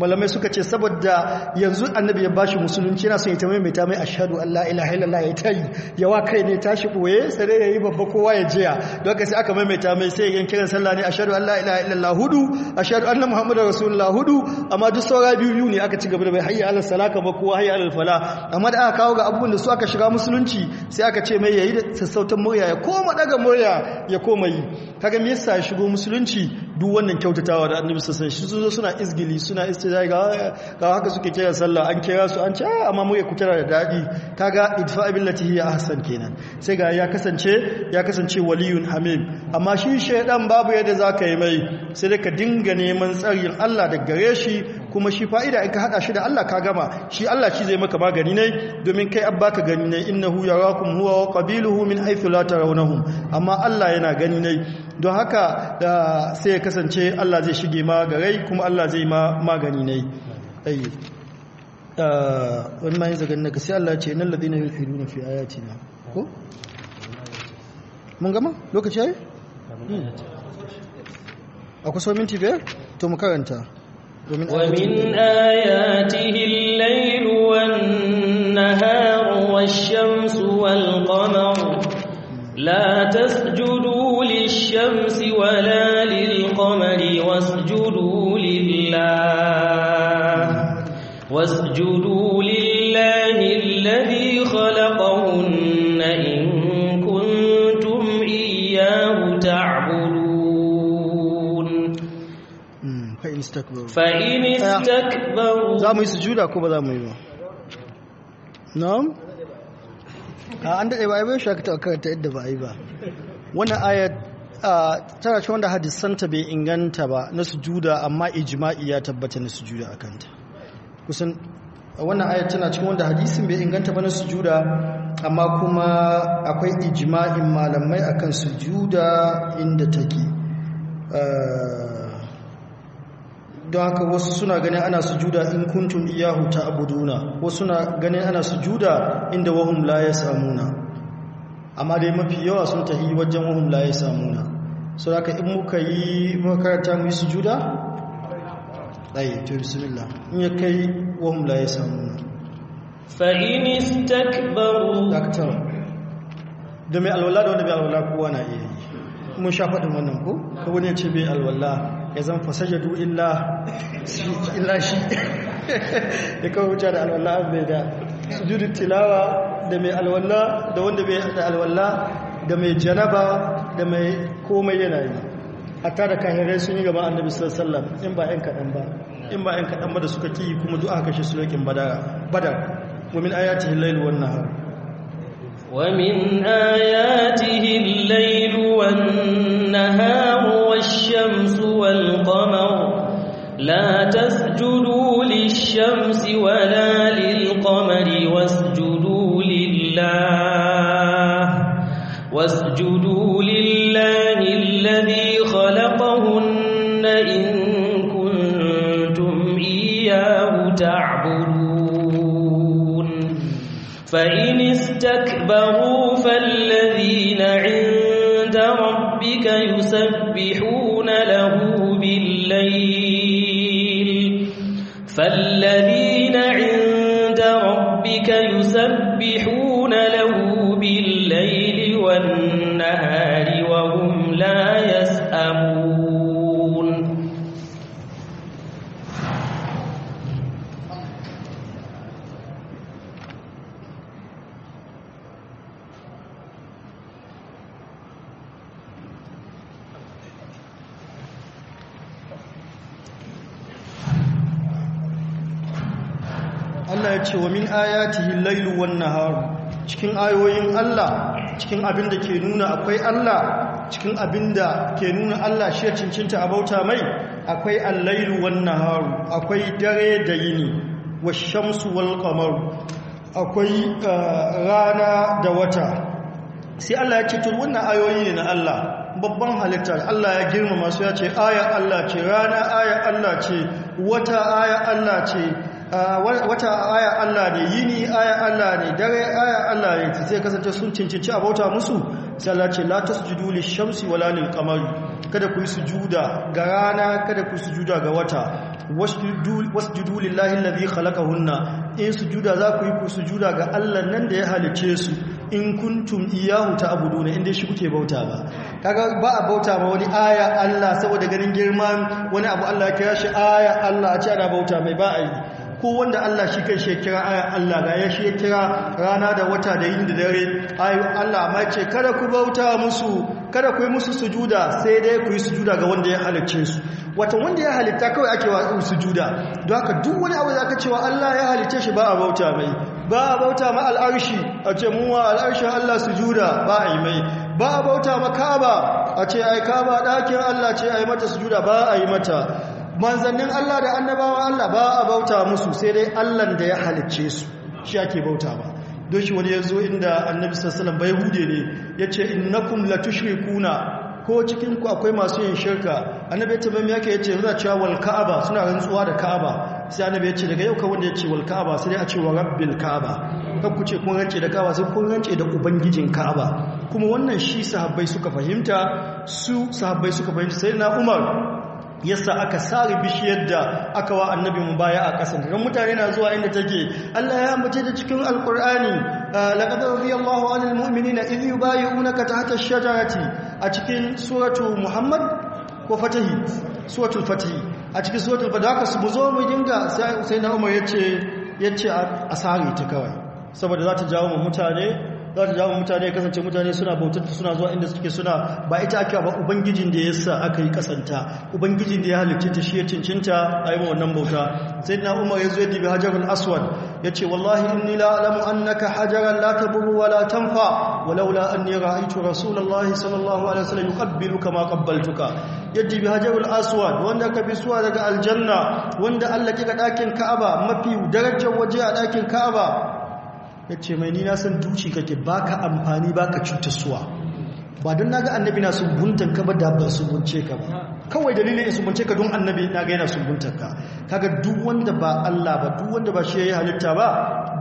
malamai suka ce saboda yanzu annabi ya bashi musulunci yana son ya tamai mai tamai ashhadu Allah la ilaha illallah ya tayi yawa kai ne tashi ɓoye sai dai yi babba kowa ya jiya don haka sai aka maimaita mai sai yan kiran sallah ne Allah an la ilaha illallah hudu ashhadu anna muhammadar rasul farilla hudu amma duk saura biyu biyu ne aka ci gaba da bai hayya alal salaka ba kowa hayya alal fala amma da aka kawo ga abubuwan da su aka shiga musulunci sai aka ce mai yayi da sassautan murya ya koma daga murya ya koma yi kaga me yasa shigo musulunci duk wannan kyautatawa da annabi sassan shi su zo suna izgili suna istizai ga haka suke kira sallah an kira su an ce ah, amma mu ya ku kira da daɗi ta ga idfa billati ya ahsan kenan sai ga ya kasance ya kasance waliyun hamim amma shi shaidan babu yadda za ka yi mai sai dai ka dinga neman tsarin Allah da gare shi kuma shi fa'ida in ka hada shi da Allah ka gama shi Allah shi zai maka magani ne domin kai abba ka gani ne innahu yarakum huwa wa hu min haifi la tarawnahum amma Allah yana gani ne don haka sai ya kasance Allah zai shige ma garai kuma Allah zai ma magani ne ai wani ma zagan naka sai Allah ce nan ladina na fi ayatina ko mun gama lokaci yi? Hmm. akwai so minti biyar to mu karanta ومن, ومن آياته الليل والنهار والشمس والقمر لا تسجدوا للشمس ولا للقمر واسجدوا لله واسجدوا لله الذي istakbaru fa in istakbaru za mu yi sujuda ko ba za mu yi ba na'am an dade ba ai shi ta karanta yadda ba ai ba wannan ayat tana ce wanda hadisanta bai inganta ba na sujuda amma ijma'i ya tabbata na sujuda a kanta. kusan wannan ayat tana cikin wanda hadisin bai inganta ba na sujuda amma kuma akwai ijma'in malamai akan sujuda inda take don haka wasu suna ganin ana sujuda in kuntum iyahu abuduna, wasu suna ganin ana sujuda inda wahum la samuna amma dai mafi yawa sun tahi wajen wahum la samuna so haka in muka yi makaranta mu yi sujuda ɗaya to bismillah in ya kai wahum la yasamuna fa in istakbaru daktar da mai alwala da wanda bai alwala kowa na iya yi mun sha faɗin wannan ko ka wani ya ce bai alwala ya zan fasajadu illa illa shi ya kawo wuce da alwallah abu da sujudu tilawa da mai alwallah da wanda bai da alwallah da mai janaba da mai komai yana yi hatta da kahirai sun yi gaba annabi sallallahu alaihi in ba yan kadan ba in ba yan kadan ba da suka ki kuma du'a kashe su lokin badar badar wa min ayatihi al-lail wan nahar wa min ayatihi al-lail nahar الشمس والقمر لا تسجدوا للشمس ولا للقمر واسجدوا لله واسجدوا لله الذي خلقهن إن كنتم إياه تعبدون فإن استكبروا فالذين عند ربك يسبحون له بالليل فلا ce wa min ayatihi lailu wan nahar cikin ayoyin Allah cikin abin da ke nuna akwai Allah cikin abin da ke nuna Allah shi ya cincinta a bauta mai akwai al-lailu wan nahar akwai dare da yini wash-shamsu wal qamar akwai eh, rana da wata sai Allah ya ce to wannan ayoyi ne na Allah babban halitta Allah ya girma masu ya ce aya Allah ce rana aya Allah ce wata aya Allah ce Ah, wata aya Allah ne yini aya Allah ne dare aya Allah ne sai kasance sun cincinci a musu sai Allah ce la tasjudu lish-shamsi wala lil-qamari kada ku yi sujuda ga rana kada ku yi sujuda ga wata wasjudu lillahi alladhi khalaqahunna in sujuda za ku yi ku sujuda ga Allah nan da ya halice su in kuntum iyahu ta'buduna inda shi kuke bauta ba kaga ba a bauta ba wani aya Allah saboda ganin girman wani abu Allah ya kira shi aya Allah a ce ana bauta mai ba a yi ko wanda Allah shi kai shi kira ayar Allah ga ya shi kira rana da wata da yin da dare ayu Allah ma ce kada ku bauta musu kada ku yi musu sujuda sai dai ku yi sujuda ga wanda ya halicce su wata wanda ya halitta kawai ake wa sujuda don haka duk wani abu da aka cewa Allah ya halicce shi ba a bauta mai ba a bauta ma al'arshi a ce mu wa al'arshin Allah sujuda ba a yi mai ba a bauta ma Ka'aba a ce ai Ka'aba ɗakin Allah ce ai mata sujuda ba a yi mata manzannin Allah da annabawan Allah ba a bauta musu sai dai Allah da ya halicce su shi ake bauta ba don shi wani ya zo inda annabi sassanin bai hude ne ya ce innakum la kuna? ko cikinku akwai masu yin shirka annabi ya tabbami yake ya ce za cewa wal ka'aba suna rantsuwa da ka'aba sai annabi ya ce daga yau kawai da ya ce wal ka'aba sai dai a ce wa rabbil ka'aba kan ku ce kun rance da ka'aba sai kun rance da ubangijin ka'aba kuma wannan shi sahabbai suka fahimta su sahabbai suka fahimta sai na umar yasa aka sare bishiyar da aka wa annabi mu baya a ƙasa Don mutane na zuwa inda take Allah ya mace da cikin alkur'ani ah, laqad radiyallahu 'anil mu'minina idh yubayyi'unaka tahta ash-shajarati a cikin suratu muhammad ko fatahi suratu fatahi a cikin suratu fatahi haka mu zo mu dinga sai na umar yace yace a sare ta kawai saboda za ta jawo mu mutane za ta jawo mutane ya kasance mutane suna bautar suna zuwa inda suke suna ba ita ake ba ubangijin da ya sa aka yi kasanta ubangijin da ya halicce ta shi ya cincinta a yi wannan bauta sai na umar ya zo ya dibi hajarul aswad ya ce wallahi inni la alamu annaka hajaran la taburu wa la tanfa an anni ra'aytu rasulullahi sallallahu alaihi wasallam yuqabbiluka ma qabbaltuka ya dibi hajarul aswad wanda ka fi suwa daga aljanna wanda Allah ga dakin ka'aba mafi darajar waje a dakin ka'aba ya ce mai nina san ka kake ba ka amfani ba ka cuta suwa ba don naga annabi na sumbuntan ka ba da ban sumbunce ka ba kawai dalilin ya sumbunce ka don annabi na ga yana sumbuntan ka kaga duk wanda ba Allah ba duk wanda ba shi ya yi halitta ba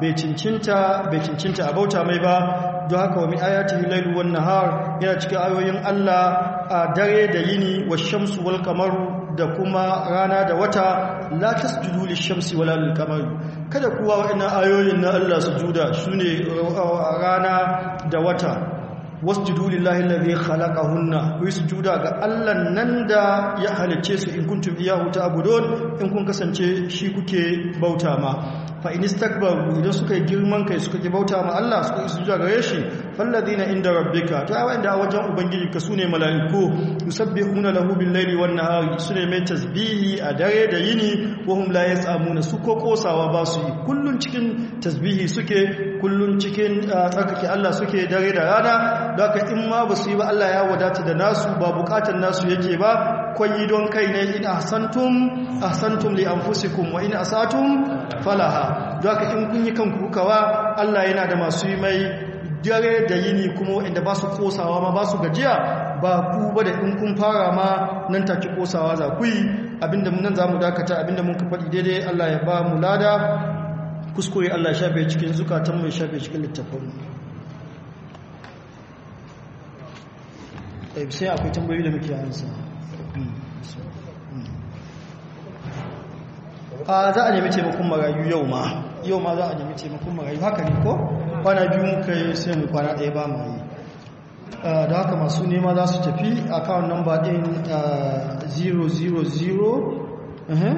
bai cincinta bai cincinta a bauta mai ba don haka wa min ayati lailu wan nahar yana cikin ayoyin Allah a dare da yini wa shamsu wal qamaru da kuma rana da wata la juduli shamsi wala kamar kada kuwa wa'annan ayoyin na Allah su sujuda shine uh, rana da wata Wasu wasjudu lillahi allazi khalaqahunna ku sujuda ga Allah nan da ya halice su in kuntum iyahu ta'budun in kun kasance shi kuke bauta ma fa in istakbaru idan suka yi girman kai suka ki bauta ma Allah suka yi sujuda gare shi falladina inda rabbika to ai wanda wajen ubangiji ka sune malaiku yusabbihuna lahu bil laili wan nahari sune mai tasbihi a dare da yini wa hum la yasamuna su ko kosawa ba su yi kullu cikin tasbihi suke kullun cikin ah, tsarkake Allah suke dare da rana haka in ma ba su yi ba Allah ya wadata da nasu ba bukatan nasu yake ba kun don kai ne in ahsantum ahsantum li anfusikum wa in asatum falaha haka in kun yi kanku kawa Allah yana da masu yi mai dare da yini kuma inda ba su kosawa ma ba su gajiya ba ku ba da in kun fara ma nan take kosawa za ku yi abinda mun nan za mu dakata abinda mun ka faɗi daidai Allah ya ba mu lada kuskure Allah shafe cikin zukatan mai shafe cikin littafin eh, sai akwai tambayi da muke yansa hmm. hmm. a ah, za a nemi taimakon marayu yau ma yau ma za a nemi taimakon marayu haka ne ko kwana biyu muka yi sai mu kwana ɗaya ba mu ah, da haka masu nema za su tafi account number din 000 1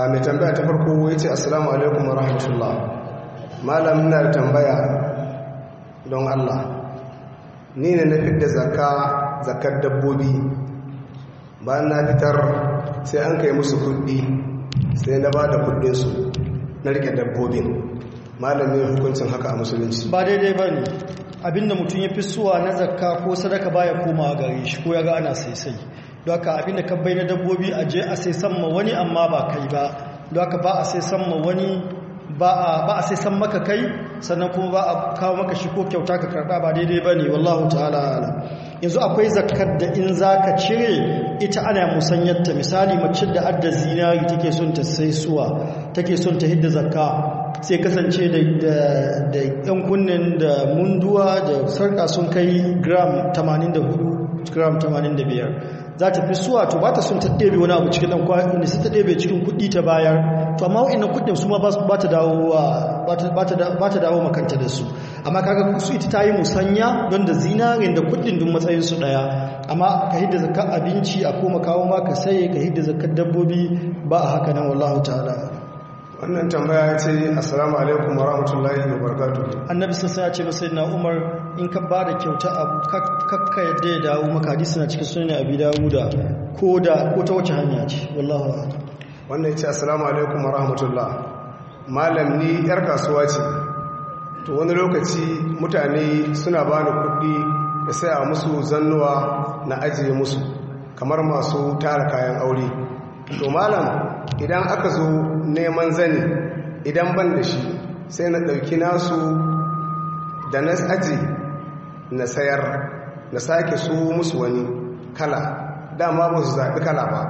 a ah, mai tambaya ta farko ya ce assalamu alaikum wa rahmatullah malam na da tambaya don allah ni ne na fidda zaka zakar dabbobi bayan na fitar sai an kai musu kuɗi sai na ba da kuɗinsu na rike dabbobin malamin hukuncin haka a musulunci ba daidai ba ne abinda mutum ya fi suwa na zakka ko sadaka baya komawa gare shi ko ya ga ana sai sai ka abin da kabbai na dabbobi a je a sai samma wani amma ba kai ba ka ba a sai wani ba a sai san maka kai sannan kuma ba a kawo maka shi ko kyauta ka karɓa ba daidai ba ne wallahu ta'ala yanzu akwai zakar da in za ka cire ita ana musanyarta misali mace da adda zinari take son ta sai suwa take son ta hidda zakka sai kasance da yan kunnen da munduwa da sarka sun kai gram 84 gram 85 za ta fi suwa to ba ta sun taɗebe wani abu cikin ɗan kwanin ne ta taɗebe cikin kuɗi ta bayar to amma wa'in kuɗin su ma ba ta dawo makanta da su amma kaga su ita ta yi musanya don da zinarin da kuɗin dun matsayin su ɗaya amma ka hidda zakar abinci a koma kawo ma ka saye ka hidda zakar dabbobi ba a haka nan wallahu ta'ala wannan tambaya ya ce assalamu alaikum wa rahmatullahi wa barakatuh annabi sun sa ce ba na umar in ka ba da kyauta abu kakka yadda ya dawo maka hadisi na cikin sunan abi dawuda ko da ko ta wace hanya ce wallahi wannan yace assalamu alaikum wa rahmatullah malam ni yar kasuwa ce to wani lokaci mutane suna ba ni kuɗi da sai a musu zannuwa na ajiye musu kamar masu tara kayan aure to malam idan aka zo neman zane idan ban da shi sai na ɗauki nasu da na aji na sayar na sake su musu wani kala dama ba su zaɓi kala ba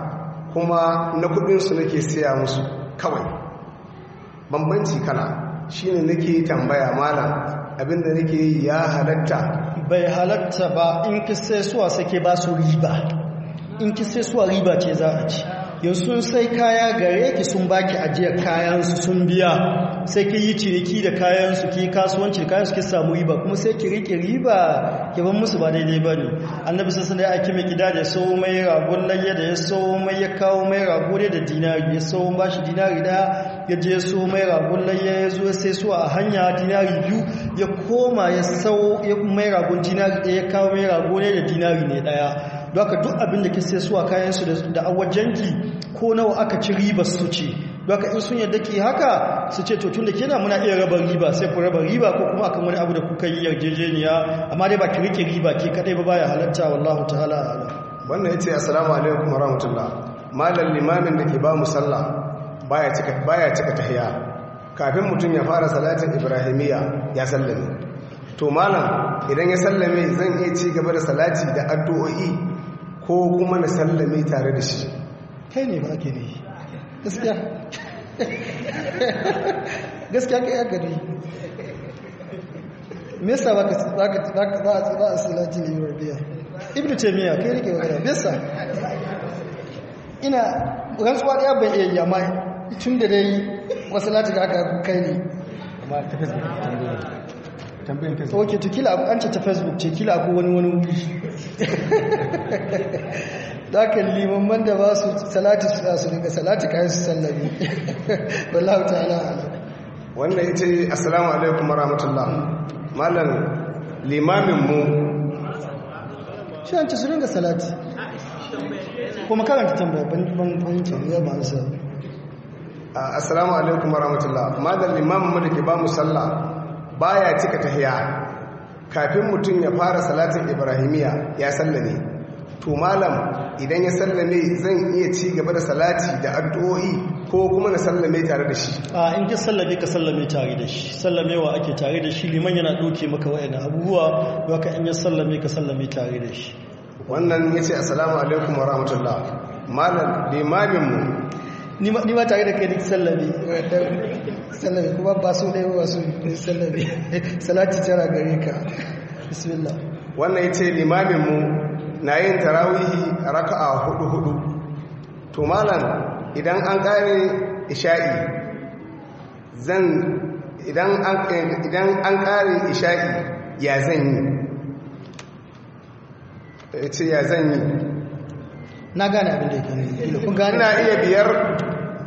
kuma na kudinsu nake siya musu kawai bambanci kala Shi shine nake tambaya malam abinda nake yi ya halatta bai halatta ba in ki suwa sake ba su riba in ki suwa riba ce za a ci yanzu sun sai kaya gare ki sun baki ajiyar kayansu sun biya sai ki yi ciniki da kayansu ki kasuwanci da kayansu ki samu riba kuma sai ki rike riba ki ban musu ba daidai ba ne annabi sun sanar aiki mai gida da ya sau mai ragon layya da ya sau mai ya kawo mai rago ne da dinari ya sau ba shi dinari da ya je so mai ragon layya ya zo sai su a hanya dinari biyu ya koma ya sau mai ragon dinari ɗaya ya kawo mai rago ne da dinari ne ɗaya don haka duk abin da ke sai suwa kayansu da awajenki ko nawa aka ci ribar su ce don haka in sun yadda ke haka su ce tun da kina muna iya raba riba sai ku raba riba ko kuma akan wani abu da kuka yi yarjejeniya amma dai ba ki rike riba ke kadai ba baya halatta wallahu ta'ala ala wannan yace assalamu alaikum wa rahmatullah malam limamin da ke ba mu sallah baya cika baya cika tahiyya kafin mutum ya fara salatin ibrahimiyya ya sallame to malam idan ya sallame zan iya ci gaba da salati da addu'o'i ko kuma na sallame tare da shi kai ne ba ke ne gaskiya gaskiya ka aka ne me ba a salati ne biya ibnu taimiyya kai rike magana me yasa ina rantsuwa da ban iya yamma tun da dai wasu lati da aka kai ne amma ta facebook tambayin facebook ok to an ce ta facebook ce ko wani wani wuri dakan limamman da ba su salati su da su ga salati kayan su sallabi wallahu ta'ala wannan ita yi assalamu alaikum rahmatullah malam limamin mu shi an ci su dinga salati kuma karanta tambaya ban fahimci ya ba su assalamu alaikum rahmatullah malam limamin mu da ke ba mu sallah baya cika tahiyya kafin mutum ya fara salatin ibrahimiya ya sallame to malam idan ya sallame zan iya ci gaba da salati da addu'o'i ko kuma na sallame tare da shi a in ki sallame ka sallame tare da shi sallamewa ake tare da shi liman yana ɗauke maka wa'annan abubuwa baka in ya sallame ka sallame tare da shi wannan ya ce assalamu alaikum wa rahmatullah malam limaminmu ni ma tare da kai duk sallame eh, eh, sallar kuma ba su ne ba su sallar salati tara gare ka bismillah wannan yace limamin mu na yin tarawihi raka'a hudu hudu to malam idan an kare isha'i zan idan an idan an kare isha'i ya zan yi yace ya zan yi na gane abin da yake ne kun gane ina iya biyar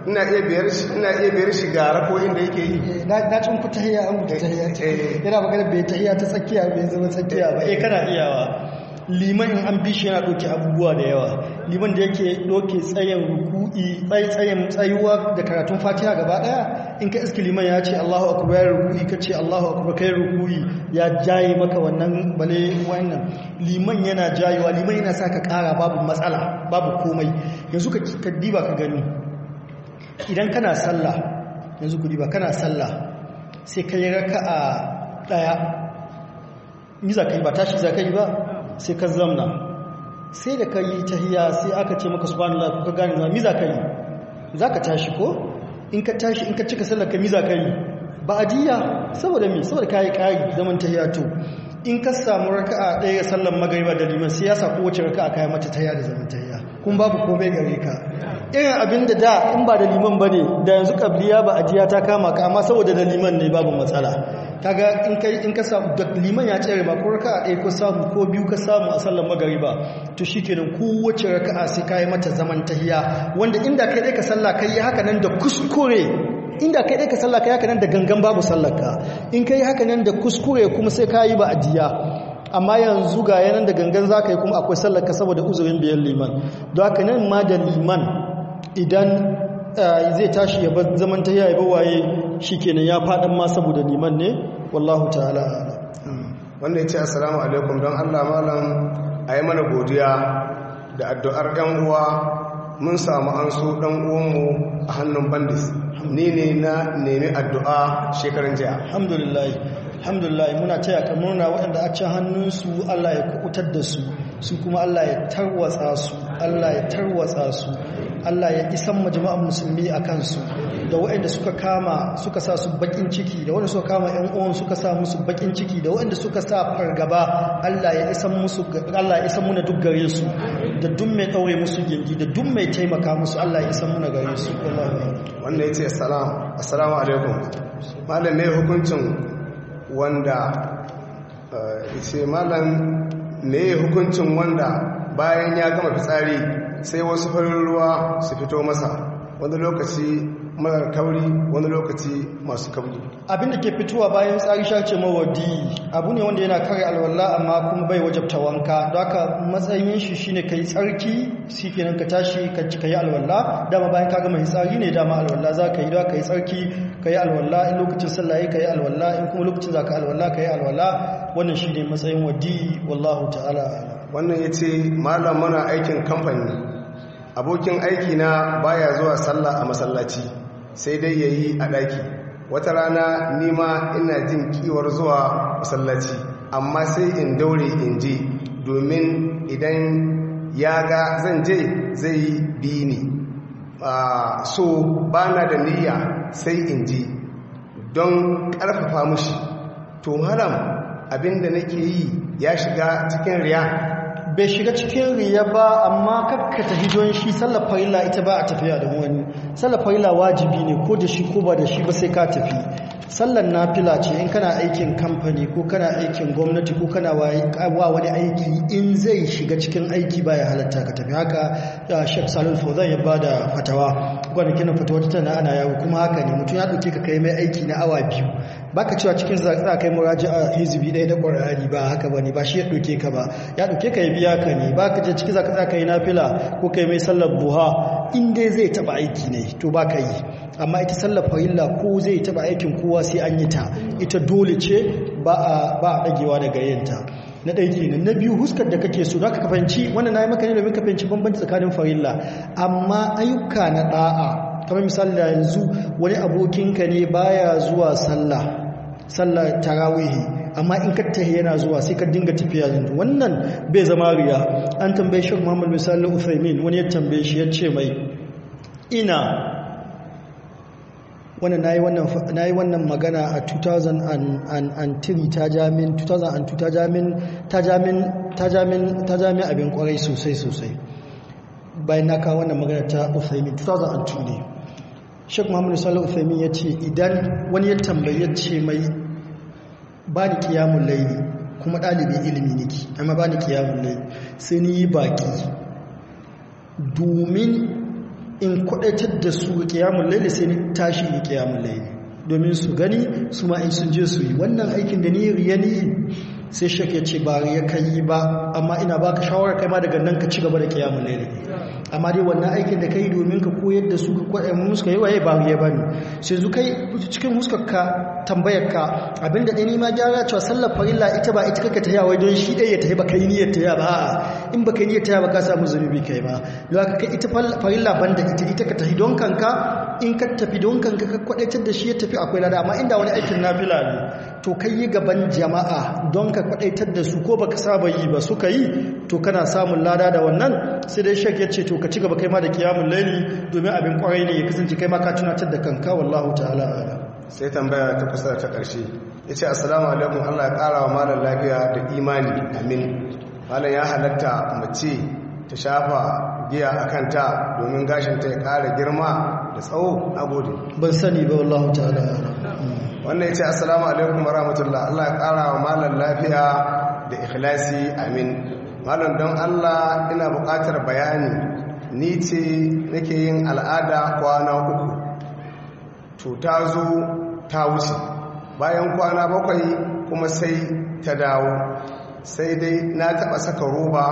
ina iya biyar shi ina iya biyar shi gara ko inda yake yi eh, na na cin ku tahiya an ku tahiyya eh, eh. yana magana bai tahiya ta tsakiya bai zama tsakiya ba eh kana iyawa liman in an bishi yana ɗauke abubuwa da yawa liman da yake ɗauke tsayin ruku'i tsayin tsayuwa da karatun fatiha gaba daya in ka iski liman ya ce allahu akbar ruku'i ka ce allahu akbar kai ruku'i ya jaye maka wannan bale wannan liman yana jayewa liman yana sa ka ƙara babu matsala babu komai yanzu ka diba ka gani idan kana sallah yanzu kudi ba kana sallah sai ka yi raka a ɗaya miza ka yi ba tashi za ka yi ba sai ka zamna sai da ka yi tahiya sai aka ce maka subhanallah ko ka gane za miza ka yi za ka tashi ko in ka tashi in ka cika sallar ka miza ka yi ba'adiyya saboda me saboda ka yi kayi kari zaman to. in ka samu raka'a ɗaya ga sallar magariba da liman siyasa ko wace raka'a kai mata tayya da zamantayya kun babu komai gare ka irin abin da da in ba da liman ba ne da yanzu kabliya ba ajiya ta kama ka amma saboda da liman ne babu matsala kaga in in ka samu da liman ya tsere ba ko raka'a ɗaya ko samu ko biyu ka samu a sallar magariba to shikenan ku wace raka'a sai kayan mata zaman tahiya wanda inda kai dai ka sallah kai haka nan da kuskure inda kai ɗaya ka sallaka ya kanan da gangan babu sallaka in yi haka nan da kuskure kuma sai ka yi jiya amma yanzu ga yanar da gangan za ka yi kuma akwai sallaka saboda uzurin biyan liman don haka nan ma da liman idan eh, zai tashi ya zaman ta yaya ba waye shi nan ya faɗin ma saboda liman ne wallahu ta'ala hmm. Wanda ya ce assalamu alaikum don Allah malam a yi mana godiya da addu'ar ɗan uwa mun samu an so ɗan uwanmu a hannun bandis ni ne na nemi addu'a shekaran jiya alhamdulillah alhamdulillah muna taya ka murna waɗanda a ci hannunsu Allah ya kukutar da su su kuma Allah ya tarwatsa su Allah ya tarwatsa su Allah ya isan majama'an musulmi a kansu da waɗanda suka kama suka sa su bakin ciki da waɗanda suka kama ƴan uwan suka sa musu bakin ciki da waɗanda suka sa fargaba Allah ya isan musu Allah ya isan muna duk gare su da duk mai ɗaure musu gindi da duk mai taimaka musu Allah ya isan muna gare su ya wanda ya ce assalamu alaikum malam ne hukuncin wanda eh, ce malam ne hukuncin wanda bayan ya gama fitsari sai wasu farin ruwa su fito masa wani lokaci marar kauri wani lokaci masu kauri abinda ke fitowa bayan tsari sha ce mawadi abu ne wanda yana kare alwala amma kuma bai wajabta wanka don haka matsayin shi shine ka yi tsarki shi kenan ka tashi ka yi alwala dama bayan ka gama tsari ne dama alwala za ka yi don ka yi tsarki ka yi alwala in lokacin sallah ka yi alwala in kuma lokacin za ka alwala ka yi alwala wannan shi ne matsayin wadi wallahu ta'ala wannan ya ce malam muna aikin kamfani abokin aiki na baya zuwa sallah a masallaci sai dai ya yi a ɗaki wata rana nima ina jin kiwar zuwa masallaci amma sai in daure in je domin idan ya ga zan je zai bi ni so ba na da niyya sai in je don ƙarfafa mushi to haram abinda nake yi ya shiga cikin riya bai shiga cikin riya ba amma kakka ta hijon shi sallar faila ita ba a tafiya da wani sallar faila wajibi ne ko da shi ko ba da shi ba sai ka tafi sallan nafila ce in kana aikin kamfani ko kana aikin gwamnati ko kana wa wani aiki in zai shiga cikin aiki ba ya halatta ka tafi haka ya shek salon fauzan ya ba da fatawa kwanakin fatawa ta tana ana yawo kuma haka ne mutum ya ɗauke ka kai mai aiki na awa biyu ka cewa cikin za kai muraji a hizbi ɗaya da ƙwarari ba haka ba ne ba shi ya ɗauke ka ba ya ɗauke ka ya biya ka ne baka je cikin za kai nafila ko kai mai sallar buha in dai zai taba aiki ne to ba ka yi amma ita sallar farilla ko zai taba aikin kowa sai an yi ta ita dole ce ba a dagewa daga yinta na ɗaya kenan na biyu huskar da kake so zaka kafanci wannan nayi maka ne domin kafanci bambanci tsakanin farilla amma ayyuka na da'a kamar misali yanzu wani abokinka ne baya zuwa sallah sallar tarawihi amma in ka tahi yana zuwa sai ka dinga tafiya yanzu wannan bai zama riya an tambaye shi Muhammad bin Salih Uthaymeen wani ya tambaye shi ya ce mai ina wannan nayi wannan nayi wannan magana a 2003 ta jamin an ta jamin ta jamin ta jamin ta jamin abin kwarai sosai sosai bayan na kawo wannan magana ta Uthaymeen an ne Sheikh Muhammad Salih Uthaymeen ya ce idan wani ya tambaye ce mai ba ni kiyamun laili kuma ɗalibin ilimi niki amma ba ni kiyamun laili sai ni yi baki domin in kwadaitar da su kiyamun laili sai ni tashi ni kiyamun laili domin su gani su ma in sun je su yi wannan aikin da ni riya ni sai shek ya ce ba ya kai ba amma ina baka shawara kai ma daga nan ka ci gaba da kiyamun ne amma dai wannan aikin da kai domin ka koyar da su ka kwaɗa muska yi waye ba ya bani sai zu kai cikin muskar ka tambayar ka abinda ɗaya ma gyara cewa sallar farilla ita ba ita kaka taya wai don shi ɗaya ya tafi ba kai niyyar taya ba a'a in ba kai niyyar taya ba ka samu zunubi kai ba don ka ita farilla banda ita ita ka tafi don kanka in ka tafi don kanka ka kwaɗaitar da shi ya tafi akwai lada amma inda wani aikin nafila ne to kai yi gaban jama'a don ka kwadaitar da su ko baka saba yi ba suka yi to kana samun lada da wannan sai dai shek ya ce to ka ci gaba kai ma da kiyamun laili domin abin kwarai ne ya kasance kai ma ka tunatar da kanka wallahu ta'ala ala sai tambaya ta kusa ta karshe ya ce assalamu alaikum allah ya kara wa Malam lafiya da imani amin Malam ya halatta mace ta shafa giya a kanta domin gashinta ya kara girma da tsawo a ban sani ba wallahu ta'ala wannan ya ce assalamu alaikum warahmatullah Allah ya ƙara wa malar lafiya da ikhlasi amin malam don Allah ina bukatar bayani ni ce nake yin al'ada kwana uku to ta zo ta wuce bayan kwana bakwai kuma sai ta dawo sai dai na taɓa saka roba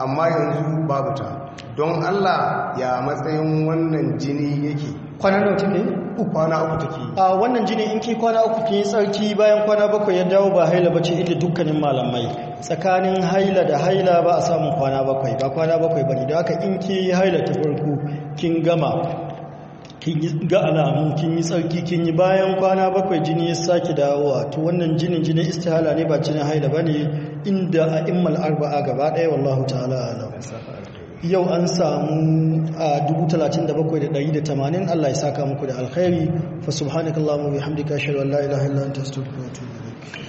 amma yanzu babu ta don Allah ya matsayin wannan jini yake kwana nauti ne uku kwana uku take a wannan jini in ki kwana uku kin tsarki bayan kwana bakwai ya dawo ba haila bace inda dukkanin malamai tsakanin haila da haila ba a samun kwana bakwai ba kwana bakwai bane don haka in ki haila ta farko kin gama kin yi ga alamu kin yi tsarki kin yi bayan kwana bakwai jini ya sake dawowa to wannan jinin jini istihala ne ba jini haila bane inda a immal arba'a gaba ɗaya wallahu ta'ala alam yau an samu a 37,180 Allah ya saka muku da alkhairi fa subhanakallahumma wa bihamdika ashhadu an la ilaha illa anta astaghfiruka wa atubu